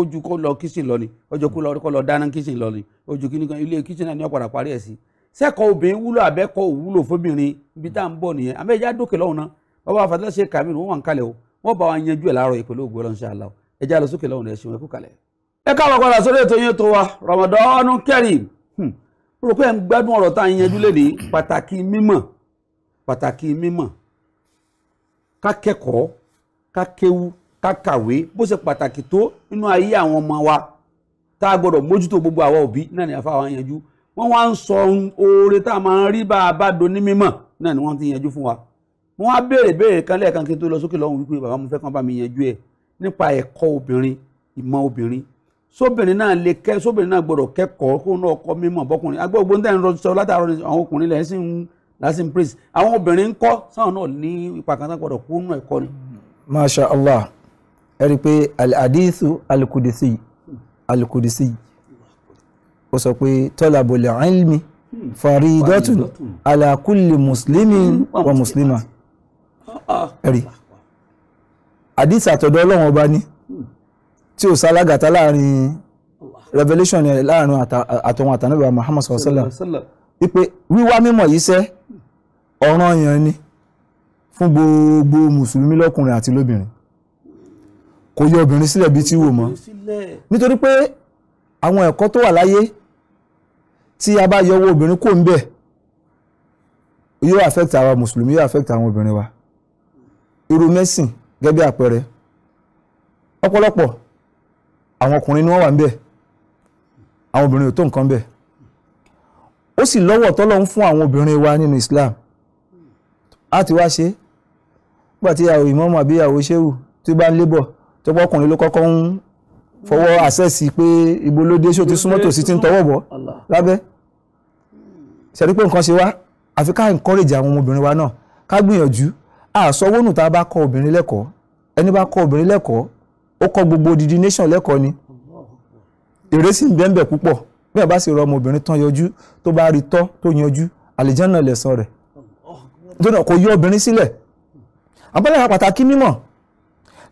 ojú kó lọ kíṣìn lọ ni ọjọ́ kó lọ dáná kíṣìn lọ ni ojú kí ni ilé kíṣìn náà ni ó padà parí ẹ̀ sí sẹ́kọ̀ọ́ obìnrin wúlò àbẹ́kọ̀ òwúlò fóbìnrin ibi tá à ń bọ̀ nìyẹn àmẹ́jà dókè lọ́hùn náà bàbá àfàtàlẹ́sẹ̀ kàmínú wọn kalẹ̀ o wọ́n bá wa yanjú ẹ̀ láàárọ̀ ìpẹ̀lú ògbó ọlọ́run ṣáà láwọ̀ ẹ̀já lọ sókè lọ́hùn ẹ̀ ṣeun ẹ̀kú kalẹ̀ ẹ káàbọ̀ padà sórí ètò yín tó wa Ramadan Kareem hmm. rò pé ń gbádùn ọ̀rọ̀ tá à ń yanjú lè ní pàtàkì mímọ̀ pàtàkì mímọ̀ ká kẹ́kọ̀ọ́ ká kéwú ká kàwé bó ṣe pàtàkì tó nínú ayé àwọn ọmọ wa tá a gbọ́dọ̀ mójútó gbogbo àwa òbí náà ní afá wa yanjú wọ́n wá ń sọ oore tá a máa ń rí bá a bá do ní mímọ̀ náà ni wọ́n ti yanjú fún wa wọ́n á béèrè béèrè kan lẹ́ẹ̀kan kí n tó lọ sókè lọ́hùn wípé bàbá mo fẹ́ kàn bá mi yanjú ẹ̀ nípa ẹ̀kọ́ obìnrin ìmọ̀ obìnrin sóbìnrin náà lè kẹ́ sóbìnrin náà gbọ́dọ̀ kẹ́kọ̀ọ́ kó náà kọ́ mímọ̀ bọ́kùnrin agbẹ́ ògbóni tẹ́ ń rọ sọ látàárọ̀ àwọn ọkùnrin lẹ́yìn sí ń lásìn praise àwọn obìnrin ń kọ́ sáwọn náà ní ipa kan náà gbọ́dọ̀ kó nù ẹ̀kọ́ ni.
masha allah ẹ rí i pé alhadithu alkudisi alkudisi ó sọ pé talabul ilmi faridatun ala kulli muslimin wa muslima ah, ah. ẹ̀rí hadith àtọ̀dọ̀ ọlọ́run ọba ni. Hmm tí ò sálágàtà láàrin revelation yẹn láàrin àtọ̀hún àtànàbà Muhammad sallallahu alayhi wa sallam wípé wíwá mímọ̀ yìí sẹ́ ọ̀ranyàn ni fún gbogbo mùsùlùmí lọ́kùnrin àti lóbìnrin kò yọ obìnrin sílẹ̀ bíi tí wò mọ́ nítorí pé àwọn ẹ̀kọ́ tó wà láyé tí a bá yọwọ́ obìnrin kò ń bẹ̀ yóò affect àwa mùsùlùmí yóò affect àwọn obìnrin wa irú mẹ́sìn gẹ́gẹ́ àpẹẹrẹ ọ̀pọ̀lọpọ̀ àwọn ọkùnrin ni wọ́n wà ń bẹ̀ àwọn obìnrin ò tó nǹkan bẹ̀ ó sì lọ́wọ́ tọ́lọ́ ń fún àwọn obìnrin wa nínú Islam a ti wá ṣe nígbà tí ìyàwó ìmọ̀ọ́mọ̀ àbí ìyàwó ṣéwù tí ó bá ń lébọ̀ tọ́pọ̀ ọkùnrin ló kọ́kọ́ ń fọwọ́ àṣẹ́sì pé ibo ló dé ṣó ti súnmọ́ tòsí ti ń tọwọ́ bọ̀ lábẹ́ ṣẹ̀rí pé nǹkan ṣe wá àfi ká encourage àwọn ọmọbìnrin wa náà ká gbìyànjú àsọwónù tá a bá kọ́ obìnrin lẹ́kọ̀ọ́ ẹni bá kọ́ obìnrin lẹ́kọ̀ọ́ ó kọ́ gbogbo odidi nation lẹ́kọ̀ọ́ ni èrè sì ń bẹ́ẹ̀ púpọ̀ bẹ́ẹ̀ bá sì rọ ọmọbìnrin tán yọjú tó bá rí tọ́ tó yanjú àlìjánà lẹ̀san rẹ̀ nítorí kò yọ obìnrin sílẹ̀ abọ́lára pàtàkì mímọ̀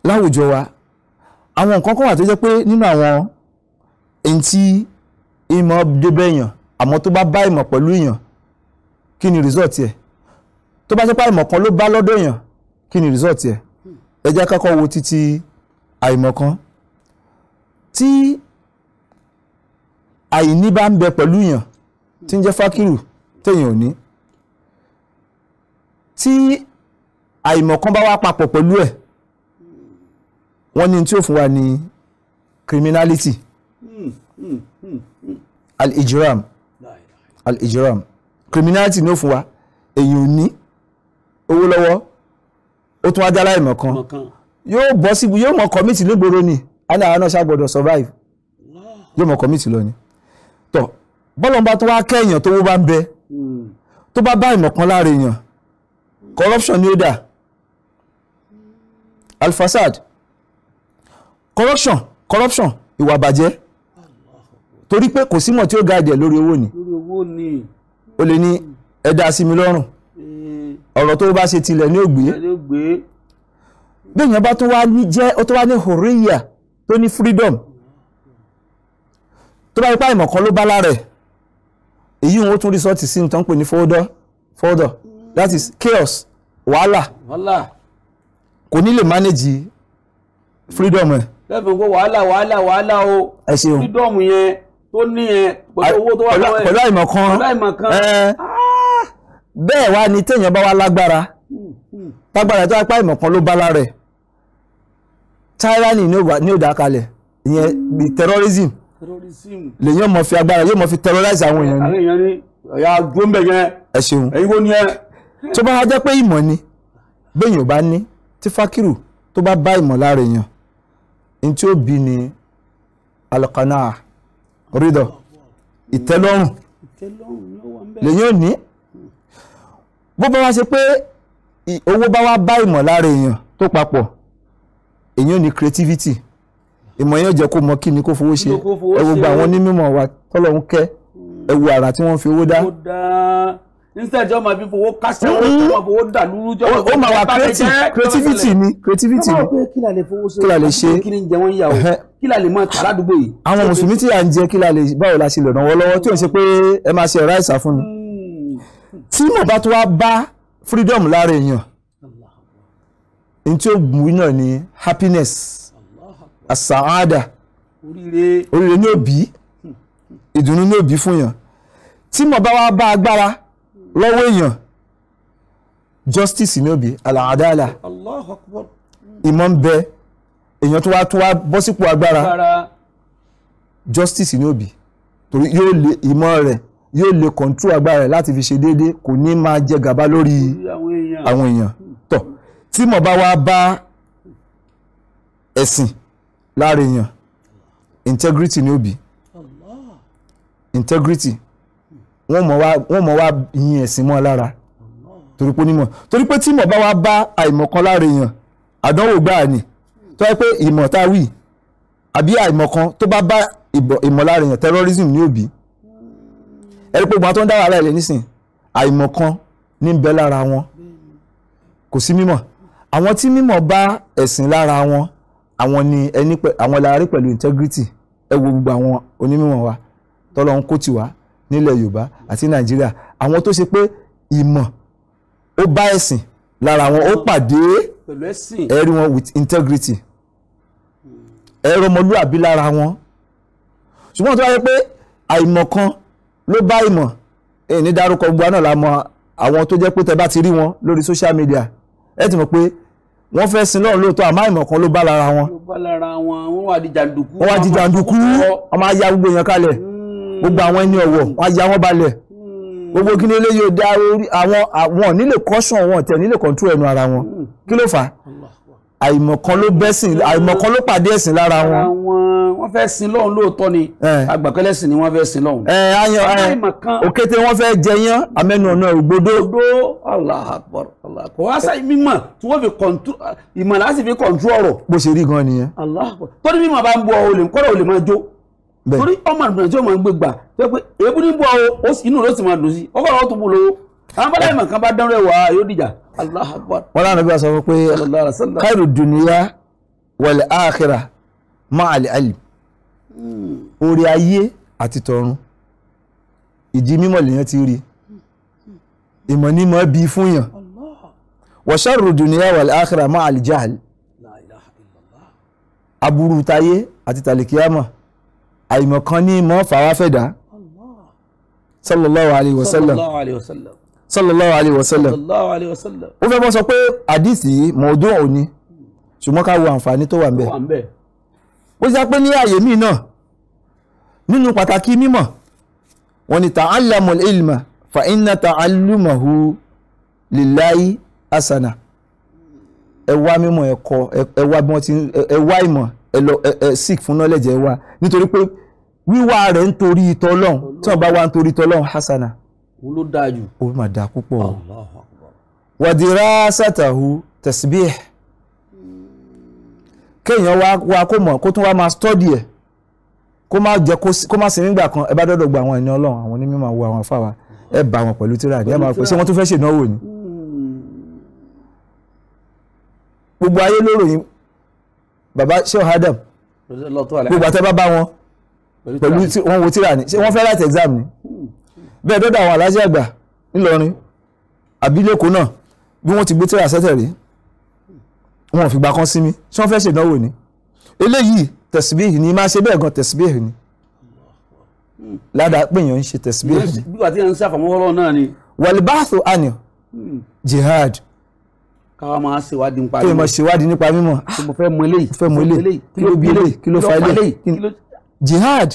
láwùjọ wa àwọn nǹkan kan wà tó jẹ́ pé nínú àwọn èyí tí ìmọ̀ débẹ̀ èèyàn àmọ́ tó bá bá ìmọ̀ pẹ̀lú èèyàn kí ni result yẹ tó bá jẹ́ pé ìmọ̀ kan ló bá lọ́dọ̀ èèyàn kí ni result yẹ ẹ jẹ́ kọ́kọ́ wo títí àìmọ̀kan tí àìní bá ń bẹ pẹ̀lú yàn tí ń jẹ́ fákìrù téèyàn ò ní tí àìmọ̀kan bá wá papọ̀ pẹ̀lú ẹ̀ wọ́n ní tí hmm, hmm, hmm, ó fún wa ní criminality
mm, mm,
al-ijram al-ijram criminality ní ó fún wa èyí ò owó lọ́wọ́ ó tún wá dá láìmọ̀kan yóò bọ́ síbi yóò mọ kọ́mìtì nígboro ni aláwa náà ṣàgbọ́dọ̀ survive yóò mọ kọ́mìtì lọ ni tọ bọ́lọ́mbà tó wá kẹ́yàn tó wó bá ń bẹ tó bá bá ìmọ̀kan lára èèyàn corruption ni ó dà alfasad corruption corruption ìwà bàjẹ́ torí pé kò símọ̀ tí ó ga ẹ̀jẹ̀ lórí owó ni o lè ní ẹ̀dá sí mi lọ́rùn ọ̀rọ̀ tó bá ṣe tilẹ̀ ní ògbé bẹ́ẹ̀yàn bá tún wá ní jẹ́ ó tó wá ní horiya tó ní freedom tó bá ipá ìmọ̀kan ló bá lára ẹ̀ èyí wọn ó tún resọ́ọ̀tì sí nǹkan pè ní fọ́ọ̀dọ̀ fọ́ọ̀dọ̀ that is chaos wàhálà kò ní lè manage freedom ẹ̀.
lẹ́fẹ̀ ń kó wàhálà wàhálà wàhálà o freedom yẹn tó ní yẹn pẹ̀lú owó tó wà lọ́wọ́ ẹ̀ pẹ̀lú àìmọ̀kan
bẹ́ẹ̀ wá ni téèyàn bá wá lágbára hmm, hmm. tágbára tó apá ìmọ̀kan ló bá lára ẹ̀ tyranny ní ò dákalẹ̀ ìyẹn bí terrorism lèyàn mọ̀ fi agbára yóò mọ̀ fi terrorize àwọn èèyàn ni. àwọn èèyàn ni ọ̀yà gbóǹbẹ̀ yẹn. ẹ ṣeun èyí wo ni ẹ. tó bá jẹ́ pé ìmọ̀ ni béèyàn ò bá ní tí fakiru tó bá bá ìmọ̀ lára èèyàn ní tí ó bí ni alakana rídọ ìtẹ́lọ́rùn lèyàn ò ní bó bá wá ṣe pé owó bá wá bá ìmọ̀ lára èèyàn tó papọ̀ èyàn ní creativity ìmọ̀ yẹn jẹ́ kó mọ kí ni kó fowó ṣe ẹ wo gba àwọn onímọ̀ wa tọ́lọ́hún kẹ́ ẹ wo àrà tí wọ́n fi owó dá.
instead jọ́ máa fi fowó kásẹ̀ wọ́n máa fowó dà lúrú jọ́ máa fowó wá creative creativity ni creativity ni kí la lè fowó ṣe kí ni jẹ wọ́n yà o kí la lè máa tà ládùúgbò yìí. àwọn
mùsùlùmí tí à ń jẹ kí la lè báwo la ṣe lè ràn wọ́n lọ́wọ́ tí ò ń ṣe pé ẹ máa ṣe ọ̀rá ìsàfúnni hmm. tí mo bá tó wá bá freedom lára èèyàn n tí ó bù náà ni happiness asaada oríire ní òbí ìdùnnú ní òbí fún yàn tí mo bá wá bá agbára lọ́wọ́ èèyàn justice ní òbí àlàádáàlà ìmọ̀ ń bẹ èèyàn tó wá tó wá bọ́ sípò agbára justice ní òbí torí yóò lè ìmọ̀ rẹ̀ yóò lè control agbára rẹ̀ láti fi ṣe déédéé kò ní máa jẹ gàba lórí àwọn èèyàn tí mo bá wá bá ẹ̀sìn lára èèyàn integrity ni ó bí integrity wọ́n mọ̀ wá yin ẹ̀sìn mọ́ lára torí pé onímọ̀ torí pé tí mo bá wá bá àìmọ̀kan lára èèyàn àdánwò gbáà ni tó yẹ pé ìmọ̀ tá a wì àbí àìmọ̀kan tó bá bá ìmọ̀lára èèyàn terrorism ni òbí ẹni pé gbọ́n tó ń dára ara ẹ̀ nísìn àìmọ̀kan ní ń lára wọn kò sí mímọ̀ àwọn tí mímọ̀ bá ẹ̀sìn lára wọn àwọn ni ẹni pẹ àwọn láàárín pẹ̀lú integrity ẹ wo gbogbo àwọn onímọ̀ wa tọ́lọ́ ń kó tiwa nílẹ̀ Yorùbá àti Nàìjíríà àwọn tó ṣe pé ìmọ̀ ó bá ẹ̀sìn lára wọn ó pàdé ẹ̀rí wọn with integrity ẹ̀rọ ọmọlúàbí lára wọn ṣùgbọ́n tó wáyé pé àìmọ̀ kan ló bá ìmọ̀ èyí ní dárúkọ gbogbo náà la mọ̀ àwọn tó jẹ́ pé tẹ bá ti rí wọn lórí social media ẹ ti mọ̀ pé wọ́n fẹ́ sin lọ́run lóòótọ́ àmọ́ àìmọ̀kan ló bá lára wọn. wọ́n wà di jàǹdùkú. wọ́n máa ya gbogbo èèyàn kalẹ̀ hmm. gbogbo àwọn ẹni ọ̀wọ̀ wọ́n á ya wọ́n balẹ̀ hmm. gbogbo kí ni eléyìí ó dá orí àwọn àwọn nílé kọ́sùn wọn tẹ̀ nílé kọ́ńtú ẹnu ara wọn hmm. kí ló fà á
àìmọ̀kan ló bẹ́sìn àìmọ̀kan ló pàdé ẹ̀sìn lára wọn. wọ́n fẹ́ sin lọ́hùn lóòótọ́ ni àgbàkẹ́lẹ́sìn ni wọ́n fẹ́ sin lọ́hùn. ẹ ayọ̀ òkété wọn fẹ́ jẹyán amẹ́nu ọ̀nà ògbódó. ògbódó Allahu Akbar Allahu Akbar wọ́n á sáyé mímọ̀ tí wọ́n fi kọ̀ǹtú ìmọ̀ láti fi kọ̀ǹtú ọ̀rọ̀. bó ṣe rí gan nìyẹn. Allahu Akbar torí mímọ̀ bá ń bọ̀ olè kọ́rọ̀ olè máa jó torí ọmọ àgbẹ̀ tí wọ́n máa ń gbé gbà tó pé èébú ní bọ̀ inú ló sì máa dùn sí ọkọ̀ ọ̀tún bù lówó àwọn bọ́lá ìmọ̀ kan bá dánrẹ́ wà á yóò dìjà Allahu Akbar.
wọn lànà bí wọn sọ fún pé káìrù dùnìyà wal akhirah ma'al ilm hmm. orí ayé àti tọ̀run ìdí mímọ̀ lèèyàn ti rí ìmọ̀ ní mọ̀ bí fún yàn wa sharru dùnìyà wal akhirah ma'al jahl aburú tayé àti tàlìkíyàmọ̀ àìmọ̀kan ní mọ̀ fàwáfẹ̀dá sallallahu alayhi wa
sallam
sallallahu alayhi wa sallam ó fẹ́ mọ́ sọ pé àdìsí mọ̀ọ́dún òní ṣùgbọ́n ká wo àǹfààní tó wà ń bẹ̀ ó sọ pé ní ààyè míì náà nínú pàtàkì mímọ̀ wọ́n ní ta'allamul ilma fa inna ta'allumahu lillahi asana ẹ wá mímọ̀ ẹ̀kọ́ bí wọ́n ti ẹ wá ìmọ̀ ẹ lọ fún knowledge ẹ nítorí pé wíwá rẹ̀ ń torí itọ́ ọlọ́run tí wọ́n bá wá ń torí itọ́ ọlọ́run hasana òun ló dáa jù. ó mà dáa púpọ̀ o wàdìrá sàtàhù tẹ̀síbí ẹ̀ kéèyàn wá wá kó mọ̀ kó tún wá máa stọ́dì ẹ̀ kó má jẹ́ kó má sí nígbà kan ẹ bá dọ́dọ̀ gba àwọn ènìyàn ọlọ́run àwọn onímọ̀ wo àwọn afáwa ẹ bá wọn pẹ̀lú tíra ní ẹ máa pèsè wọn tún fẹ́ ṣèdánwò ni. gbogbo ayé lóròyìn baba sheikh adam
gbogbo àtẹ bá bá
wọn pẹ̀lú wọn wo tíra ni ṣé wọ́n fẹ́ láti exam ni bẹ́ẹ̀ dọ́dọ̀ àwọn aláṣẹ àgbà ńlọrin àbílẹ̀kọ náà bí wọ́n ti gbé tíra sẹ́tẹ̀ rí wọn ò fìgbà kan sinmi tí wọ́n fẹ́ ṣèdánwò ni eléyìí tẹ̀síbíhì ni máa ṣe bẹ́ẹ̀ gan tẹ̀síbíhì ni ládàá péyàn ń ṣe tẹ̀síbíhì ni. bí
wàá ti ń ṣàfàmọ́wọ́rọ́ náà ni.
wàlúbáàtò àná hmm. jihad.
káwa máa ṣèwádìí nípa mímọ̀. kéèmọ̀ ṣèwádìí
nípa mímọ̀. mo fẹ́ mọ eléyìí. mo fẹ́ mọ eléyìí kí ló bí eléyìí kí ló fa eléyìí. jihad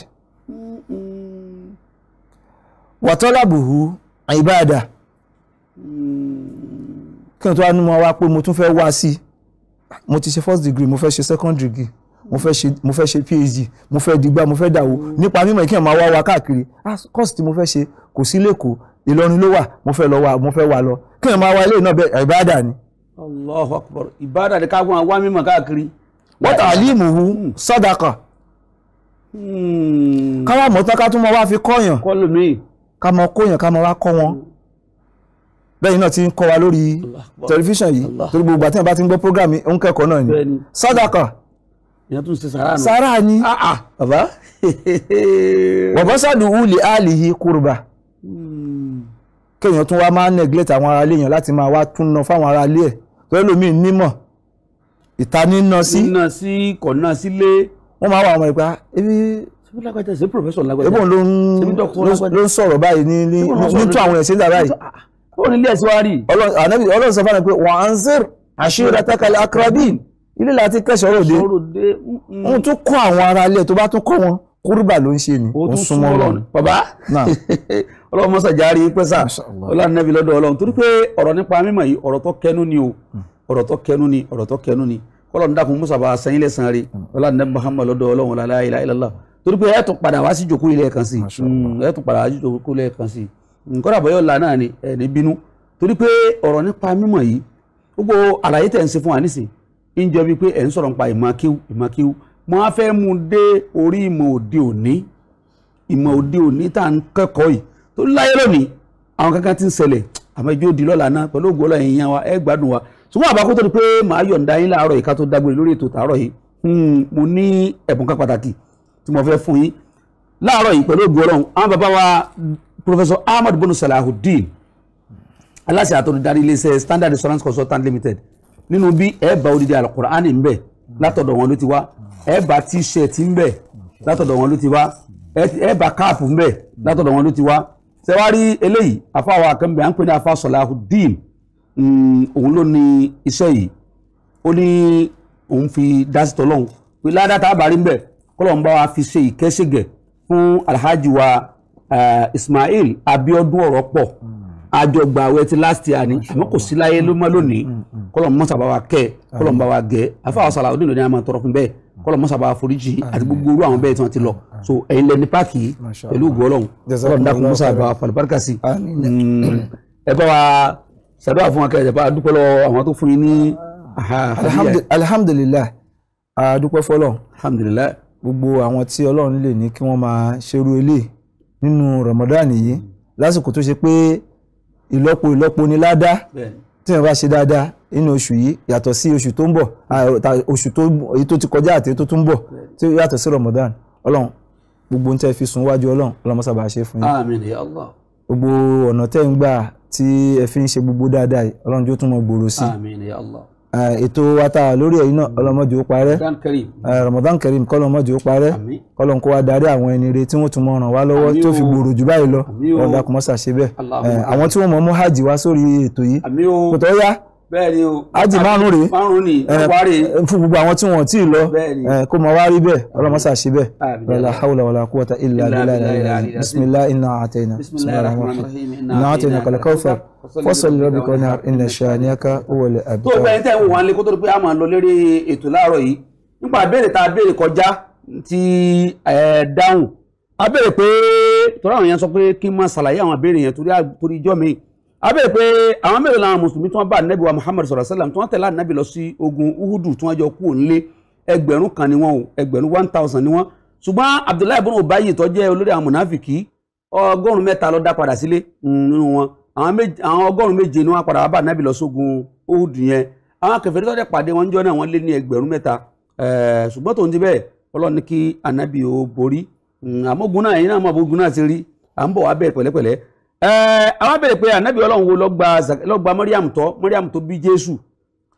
wàtọ́làbùhù àìbáàdà kí n tó wá númọ̀ wá pé mo tún fẹ́ wá sí mo ti ṣe first degree mo fẹ́ ṣe second degree mo fẹ́ ṣe mo fẹ́ ṣe phd mo fẹ́ dìgbà mo fẹ́ dàwó nípa mímọ̀ kí n máa wá wa káàkiri ah, course tí mo fẹ́ ṣe kò sí lẹ́kọ̀ọ́ ìlọrin ló wà mo fẹ́ lọ wà mo fẹ́ wà lọ kí n máa wá ilé náà bẹ́ẹ̀ ìbáàdà ni.
Allahu akbar ìbáàdà ni káwọn àwa
mímọ̀ káàkiri. wọ́n tà líìmù hu hmm. sọ́dà kan.
Hmm.
káwọn mọ̀tọ́ ká tún mọ wá fi kọ́yàn. kọ́ lómi ká mọ kóyàn ká mọ wá kọ́ wọn bẹ́ẹ̀ náà ti ń kọ́ wa lórí tẹlifíṣàn yìí torí gbogbo àti ìbá ti ń gbọ́ programme ó náà ni sádàkà
ìyẹn tún ṣe sàrà ni
sàrà ni ah, ah. bàbá bàbá sàdùwù lè àlìyí kúrúbà hmm. kéèyàn tún wá máa neglect àwọn aráalé èèyàn láti máa wá tún ná fáwọn aráalé ẹ̀ lọ́yẹ́ lómi nímọ̀ ìta níná sí.
níná sí sílé.
wọ́n máa wà àwọn ẹ̀pá ah, ebi ṣebí lágbájá ṣebí professor lágbájá ṣebí ló ń sọ̀rọ̀ báyìí ní nítú àwọn ẹ̀ṣẹ́ dà báyìí. Ah, ah. ó ní ilé ẹ̀sìn wa rí. ọlọ́run sọ fún pé wọ́n á ń zèrè àṣírà tákàlẹ̀ akrabin ilé láti kẹsọ̀rọ̀ dé òun tún kọ́ àwọn ará ilé tó bá tún kọ́ wọn kúrúbà ló ń ṣe ni ó tún súnmọ́ ọlọ́run. bàbá
ọlọ́run mọ́sá járe pẹ́sà ọlọ́run nẹ́bí lọ́dọ̀ ọlọ́run torí pé ọ̀rọ̀ nípa mímọ̀ yìí ọ̀rọ̀ tó kẹnu ni o hmm. ọ̀rọ̀ tó kẹnu ni ọ̀rọ̀ tó kẹnu ni kọ́lọ́run dákun torí pé ẹ tún padà wá sí ìjókòó ilé ẹ̀kan sí mm, ẹ tún padà wá sí ìjókòó ilé ẹ̀kan sí nǹkan mm, àbọ̀yọ̀ la náà ni ẹ̀ ní bínú torí pé ọ̀rọ̀ nípa mímọ̀ yìí gbogbo àlàyé tẹ̀ ń ṣe fún wa nísìn ń jọ bíi pé ẹ̀ ń sọ̀rọ̀ nípa ìmọ̀ kíw mo á fẹ́ mú dé orí ìmọ̀ òde òní ìmọ̀ òde òní tá à ń kẹ́kọ̀ọ́ yìí tó láyé lónìí àwọn kankan ti ń ṣẹlẹ̀ àmọ́ ìjọ wa ẹ gbádùn wa ṣùgbọ́n àbákó tó di pé màá yọ̀ǹda yín láàárọ̀ yìí ká tó dágbére tí mo fẹ́ fún yín láàárọ̀ yìí pẹ̀lú ògùn àwọn bàbá wa professor Ahmad bono salahuddin aláṣẹ àtọ̀dúdarí iléeṣẹ́ standard insurance consultant limited nínú bí ẹ bá odidi alukur'an ń bẹ látọ̀dọ̀ wọn ló ti wá ẹ bá t-shirt ń bẹ látọ̀dọ̀ wọn ló ti wá ẹ bá káàpù ń bẹ látọ̀dọ̀ wọn ló ti wá
ṣẹwárí eléyìí
afáwa akẹ́mbẹ̀ à ń pè ní afá salahuddin hmm, òun ló ní iṣẹ́ yìí ó ní òun fi dásítọ̀ lọ́hùn pé ládàá tá a kọlọ́n bá wa fi ṣe ìkẹ́ṣẹ́gẹ̀ fún alhaji wa eh, Ismail Abiodun Ọ̀rọ̀pọ̀ àjọgbà hmm. àwẹ̀ ti last year ni àmọ́ kò sí láyé ló mọ́ lónìí hmm, hmm, kọlọ́n mọ́sà bá wa kẹ́ kọlọ́n bá wa gẹ̀ afáwọn sàlàyé onílò ní àmọ́ tọrọ fún bẹ́ẹ̀ kọlọ́n mọ́sà bá wa foríjì àti gbogbo orú àwọn bẹ́ẹ̀ tí wọ́n ti lọ so ẹ̀yin lẹni páàkì pẹ̀lú ògùn ọlọ́run kọlọ́n dákun mọ́sà bá wa fàlùbáríkà sí ẹ
bá wa sàdúrà fún wa kẹ́ ẹ̀ bá wa gbogbo àwọn tí ọlọ́run lè ní kí wọ́n máa ṣerú ilé nínú Ramadan yìí lásìkò tó ṣe pé ìlọ́po ìlọ́po ni ládá tí wọ́n bá ṣe dáadáa nínú oṣù yìí yàtọ̀ sí oṣù tó ń bọ̀ oṣù tó ti kọjá àti tó tún bọ̀ tí yàtọ̀ sí Ramadan ọlọ́run gbogbo ohun tẹ́ fi sùn wájú ọlọ́run ọlọ́mọ sábà ṣe fún yín. ya Allah. gbogbo ọ̀nà tẹ́ ń gbà tí ẹ fi ń ṣe gbogbo dáadáa ọlọ́run tó tún mọ gbòòrò sí. ya Allah ètò atáwà lórí ẹ̀yìn náà mm. ọlọ́mọdé ó parẹ́ Ramadan Kareem kọ́lọ́mọdé ó parẹ́ kọ́lọ́n kó wa darí àwọn ẹni re tí wọ́n tún mọ̀ ràn wá lọ́wọ́ tó fi gbòòrò jù báyìí lọ ọ̀dà kò mọ́ ṣàṣe bẹ́ẹ̀ àwọn tí wọ́n mọ̀ mú hajj wá sórí ètò yìí
kò tọ́ yá bẹ́ẹ̀ o ájì márùn rèé márùn ni eh, wárí eh,
fún gbogbo àwọn tí wọ́n ti lọ eh, kó mọ wá rí bẹ́ẹ̀ ọlọ́mọṣà ṣe bẹ́ẹ̀ la hawla wala quwwata illa billahi bisimilah inna atayna bisimilah rahman inna atayna kal kawthar fasal rabbika nar inna shaniyaka huwal abtar. tó bẹ́ẹ̀
tẹ́ ń wọ́n lé kó tó pé a máa lọ lérí ètò láàárọ̀ yìí nípa béèrè tá a kọjá ti dáhùn a béèrè pé tọ́lá àwọn yẹn sọ pé kí n máa ṣàlàyé àwọn béèrè yẹn torí ìjọ mi-ín abẹ́ pé àwọn mẹ́rin làwọn mùsùlùmí tí wọ́n bá nẹ́bí wa muhammad sọ̀rọ̀ sálàm tí wọ́n tẹ̀lé ànábì lọ sí ogun uhudu tí wọ́n jọ kú òǹlé ẹgbẹ̀rún kan ni wọ́n o ẹgbẹ̀rún one thousand ni wọ́n ṣùgbọ́n abdullahi ibn ubayi tó jẹ́ olórí àwọn mùnàfìkì ọgọ́rùn-ún mẹ́ta ló dá padà sílé nínú wọn àwọn ọgọ́rùn-ún méje ni wọ́n padà wá bá ànábì lọ sógun uhudu yẹn àwọn kèfèrí tó dẹ̀ pàdé wọn jọ náà wọ́n lé ní ẹgbẹ̀rún mẹ́ta ṣùgbọ́n tó ń ti bẹ́ẹ̀ ọlọ́run ní rí à àwọn abèrè pé ànábì ọlọ́run wo lọ́gba mariam tọ́ mariam tó bí jésù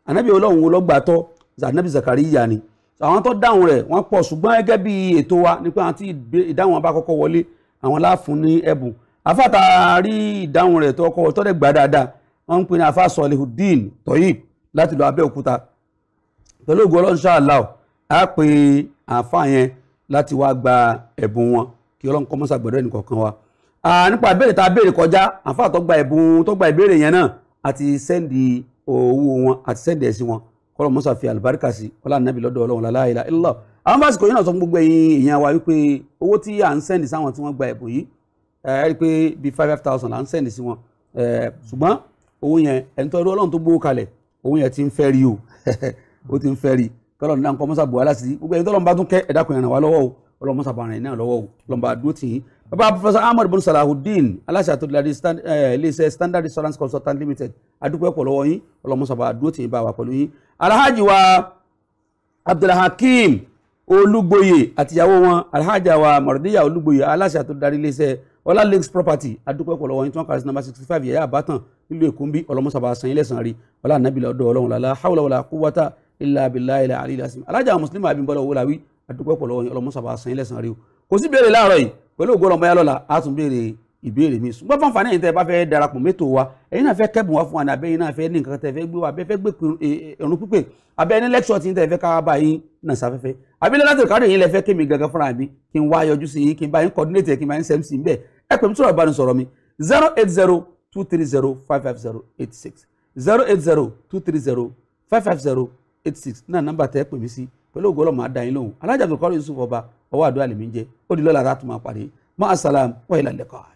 ànábì ọlọ́run wo lọ́gba tọ́ ànábì zakariya ni àwọn tó dáhùn rẹ̀ wọ́n pọ̀ ṣùgbọ́n gẹ́gẹ́ bí ètò wa nípa àwọn tí ìdáhùn bá kọ́kọ́ wọlé àwọn láàfún ní ẹ̀bùn afáàtà rí ìdáhùn rẹ̀ tó kọ́ tọ́lẹ̀ gbà dáadáa wọ́n ń pè ní afá Salihudeen Toyib láti lọ Abẹ́òkúta pẹ̀lú ògùn ọlọ́run ṣáàlá ọ̀ á pe àfáà yẹn láti wá gba ẹ̀bùn wọn kí ọlọ́run kọ́ mọ́sàgbọ́dọ̀ ẹnì kọ̀ọ̀kan wa nípa ìbéèrè tá a béèrè kọjá àǹfà tó gba ẹ̀bùn tó gba ìbéèrè yẹn náà àti sẹ́ndì owó wọn àti sẹ́ndì ẹ̀sìn wọn kọ́lọ̀ mọ́sà fi àlùbáríkà sí ọlá nàbì lọ́dọ̀ ọlọ́run lálá ilà ilà àwọn fásitì yìí náà sọ gbogbo ẹ̀yin èèyàn wa wípé owó tí à ń sẹ́ndì sáwọn tí wọ́n gba ẹ̀bùn yìí ẹ rí pé bíi five thousand là ń sẹ́ndì sí wọn ṣùgbọ́n owó yẹn ẹni tó ẹrú ọlọ́run tó gbówó kalẹ̀ owó yẹn ti ń fẹ́ rí o ó ti ń fẹ́ rí kọ́lọ̀ náà kọ́ mọ́sà bùhálà sí gbogbo ẹ̀yin tó lọ́n ọlọ́mọ sàbàrìn náà lọ́wọ́ lọ́mọ àdúrótì yìí bàbá professor ahmed bin salahudeen aláṣẹ àtòlélàdé eh, iléeṣẹ́ standard insurance consultant limited adúpẹ́ pọ̀ lọ́wọ́ yín ọlọ́mọ sàbàrìn àdúrótì yìí bá wa pẹ̀lú yín alhaji wa abdulhakeem olúgbòye àtìyàwó wọn alhaji wa mardiya olúgbòye aláṣẹ àtòlélàdé iléeṣẹ́ ọlá links property adúpẹ́ pọ̀ lọ́wọ́ yín tí wọ́n kàrí sí number sixty five yẹ̀yà àbátan nílùú èkó ń bí ọlọ́mọ sàbàrìn sàn yín lẹ́sàn-án rí ọlá nàbìlà ọdọ ọlọ́run làlá hawla wàlá quwwata illa billahi ilà àlìlà sí alájà mùsùlùmí àbí bọ́lá owó làwí adúpẹ́ pọ̀ lọ́wọ́ yín ọlọ́mọ sábà san ilẹ̀ san rí o kò sí béèrè láàárọ̀ yìí pẹ̀lú ògo ọlọ́mọ yá lọ́la á tún béèrè ìbéèrè mi ṣùgbọ́n fáǹfààní ẹ̀yin tẹ́ ẹ bá fẹ́ darapọ̀ mẹ́tò wa ẹ̀yin náà fẹ́ kẹ́bùn wá fún wa ní abẹ́yìn náà fẹ́ ní nǹkan tẹ́ fẹ́ gbé wa abẹ́ fẹ́ gbé ẹ̀rùn pípé abẹ́ ní lẹ́kṣọ̀ tí ń tẹ́ fẹ́ ká bá yín náà sáfẹ́fẹ́ abilé láti ìkárò yín lẹ fẹ́ kémi gangan fúnra mi kí n wá yọjú sí yín kí n bá yín coordinate kí n bá yín sẹ́mi sí bẹ́ẹ̀ ẹ pè mí sọ̀rọ̀ ìbánisọ̀rọ̀ mi zero eight zero two three zero five five zero eight six zero eight zero two three zero five five zero eight six náà nọ́mbà tẹ́ pè mí sí pẹ̀lú ògo Ọlọ́run máa dá yín lóhùn alájà tó kọ́rọ̀ Yusuf ọba ọwọ́ àdúrà lèmi ń jẹ ó di lọ́la tá a tún máa pàdé mọ́ àsálàm wọ́n yìí lálẹ́ kọ́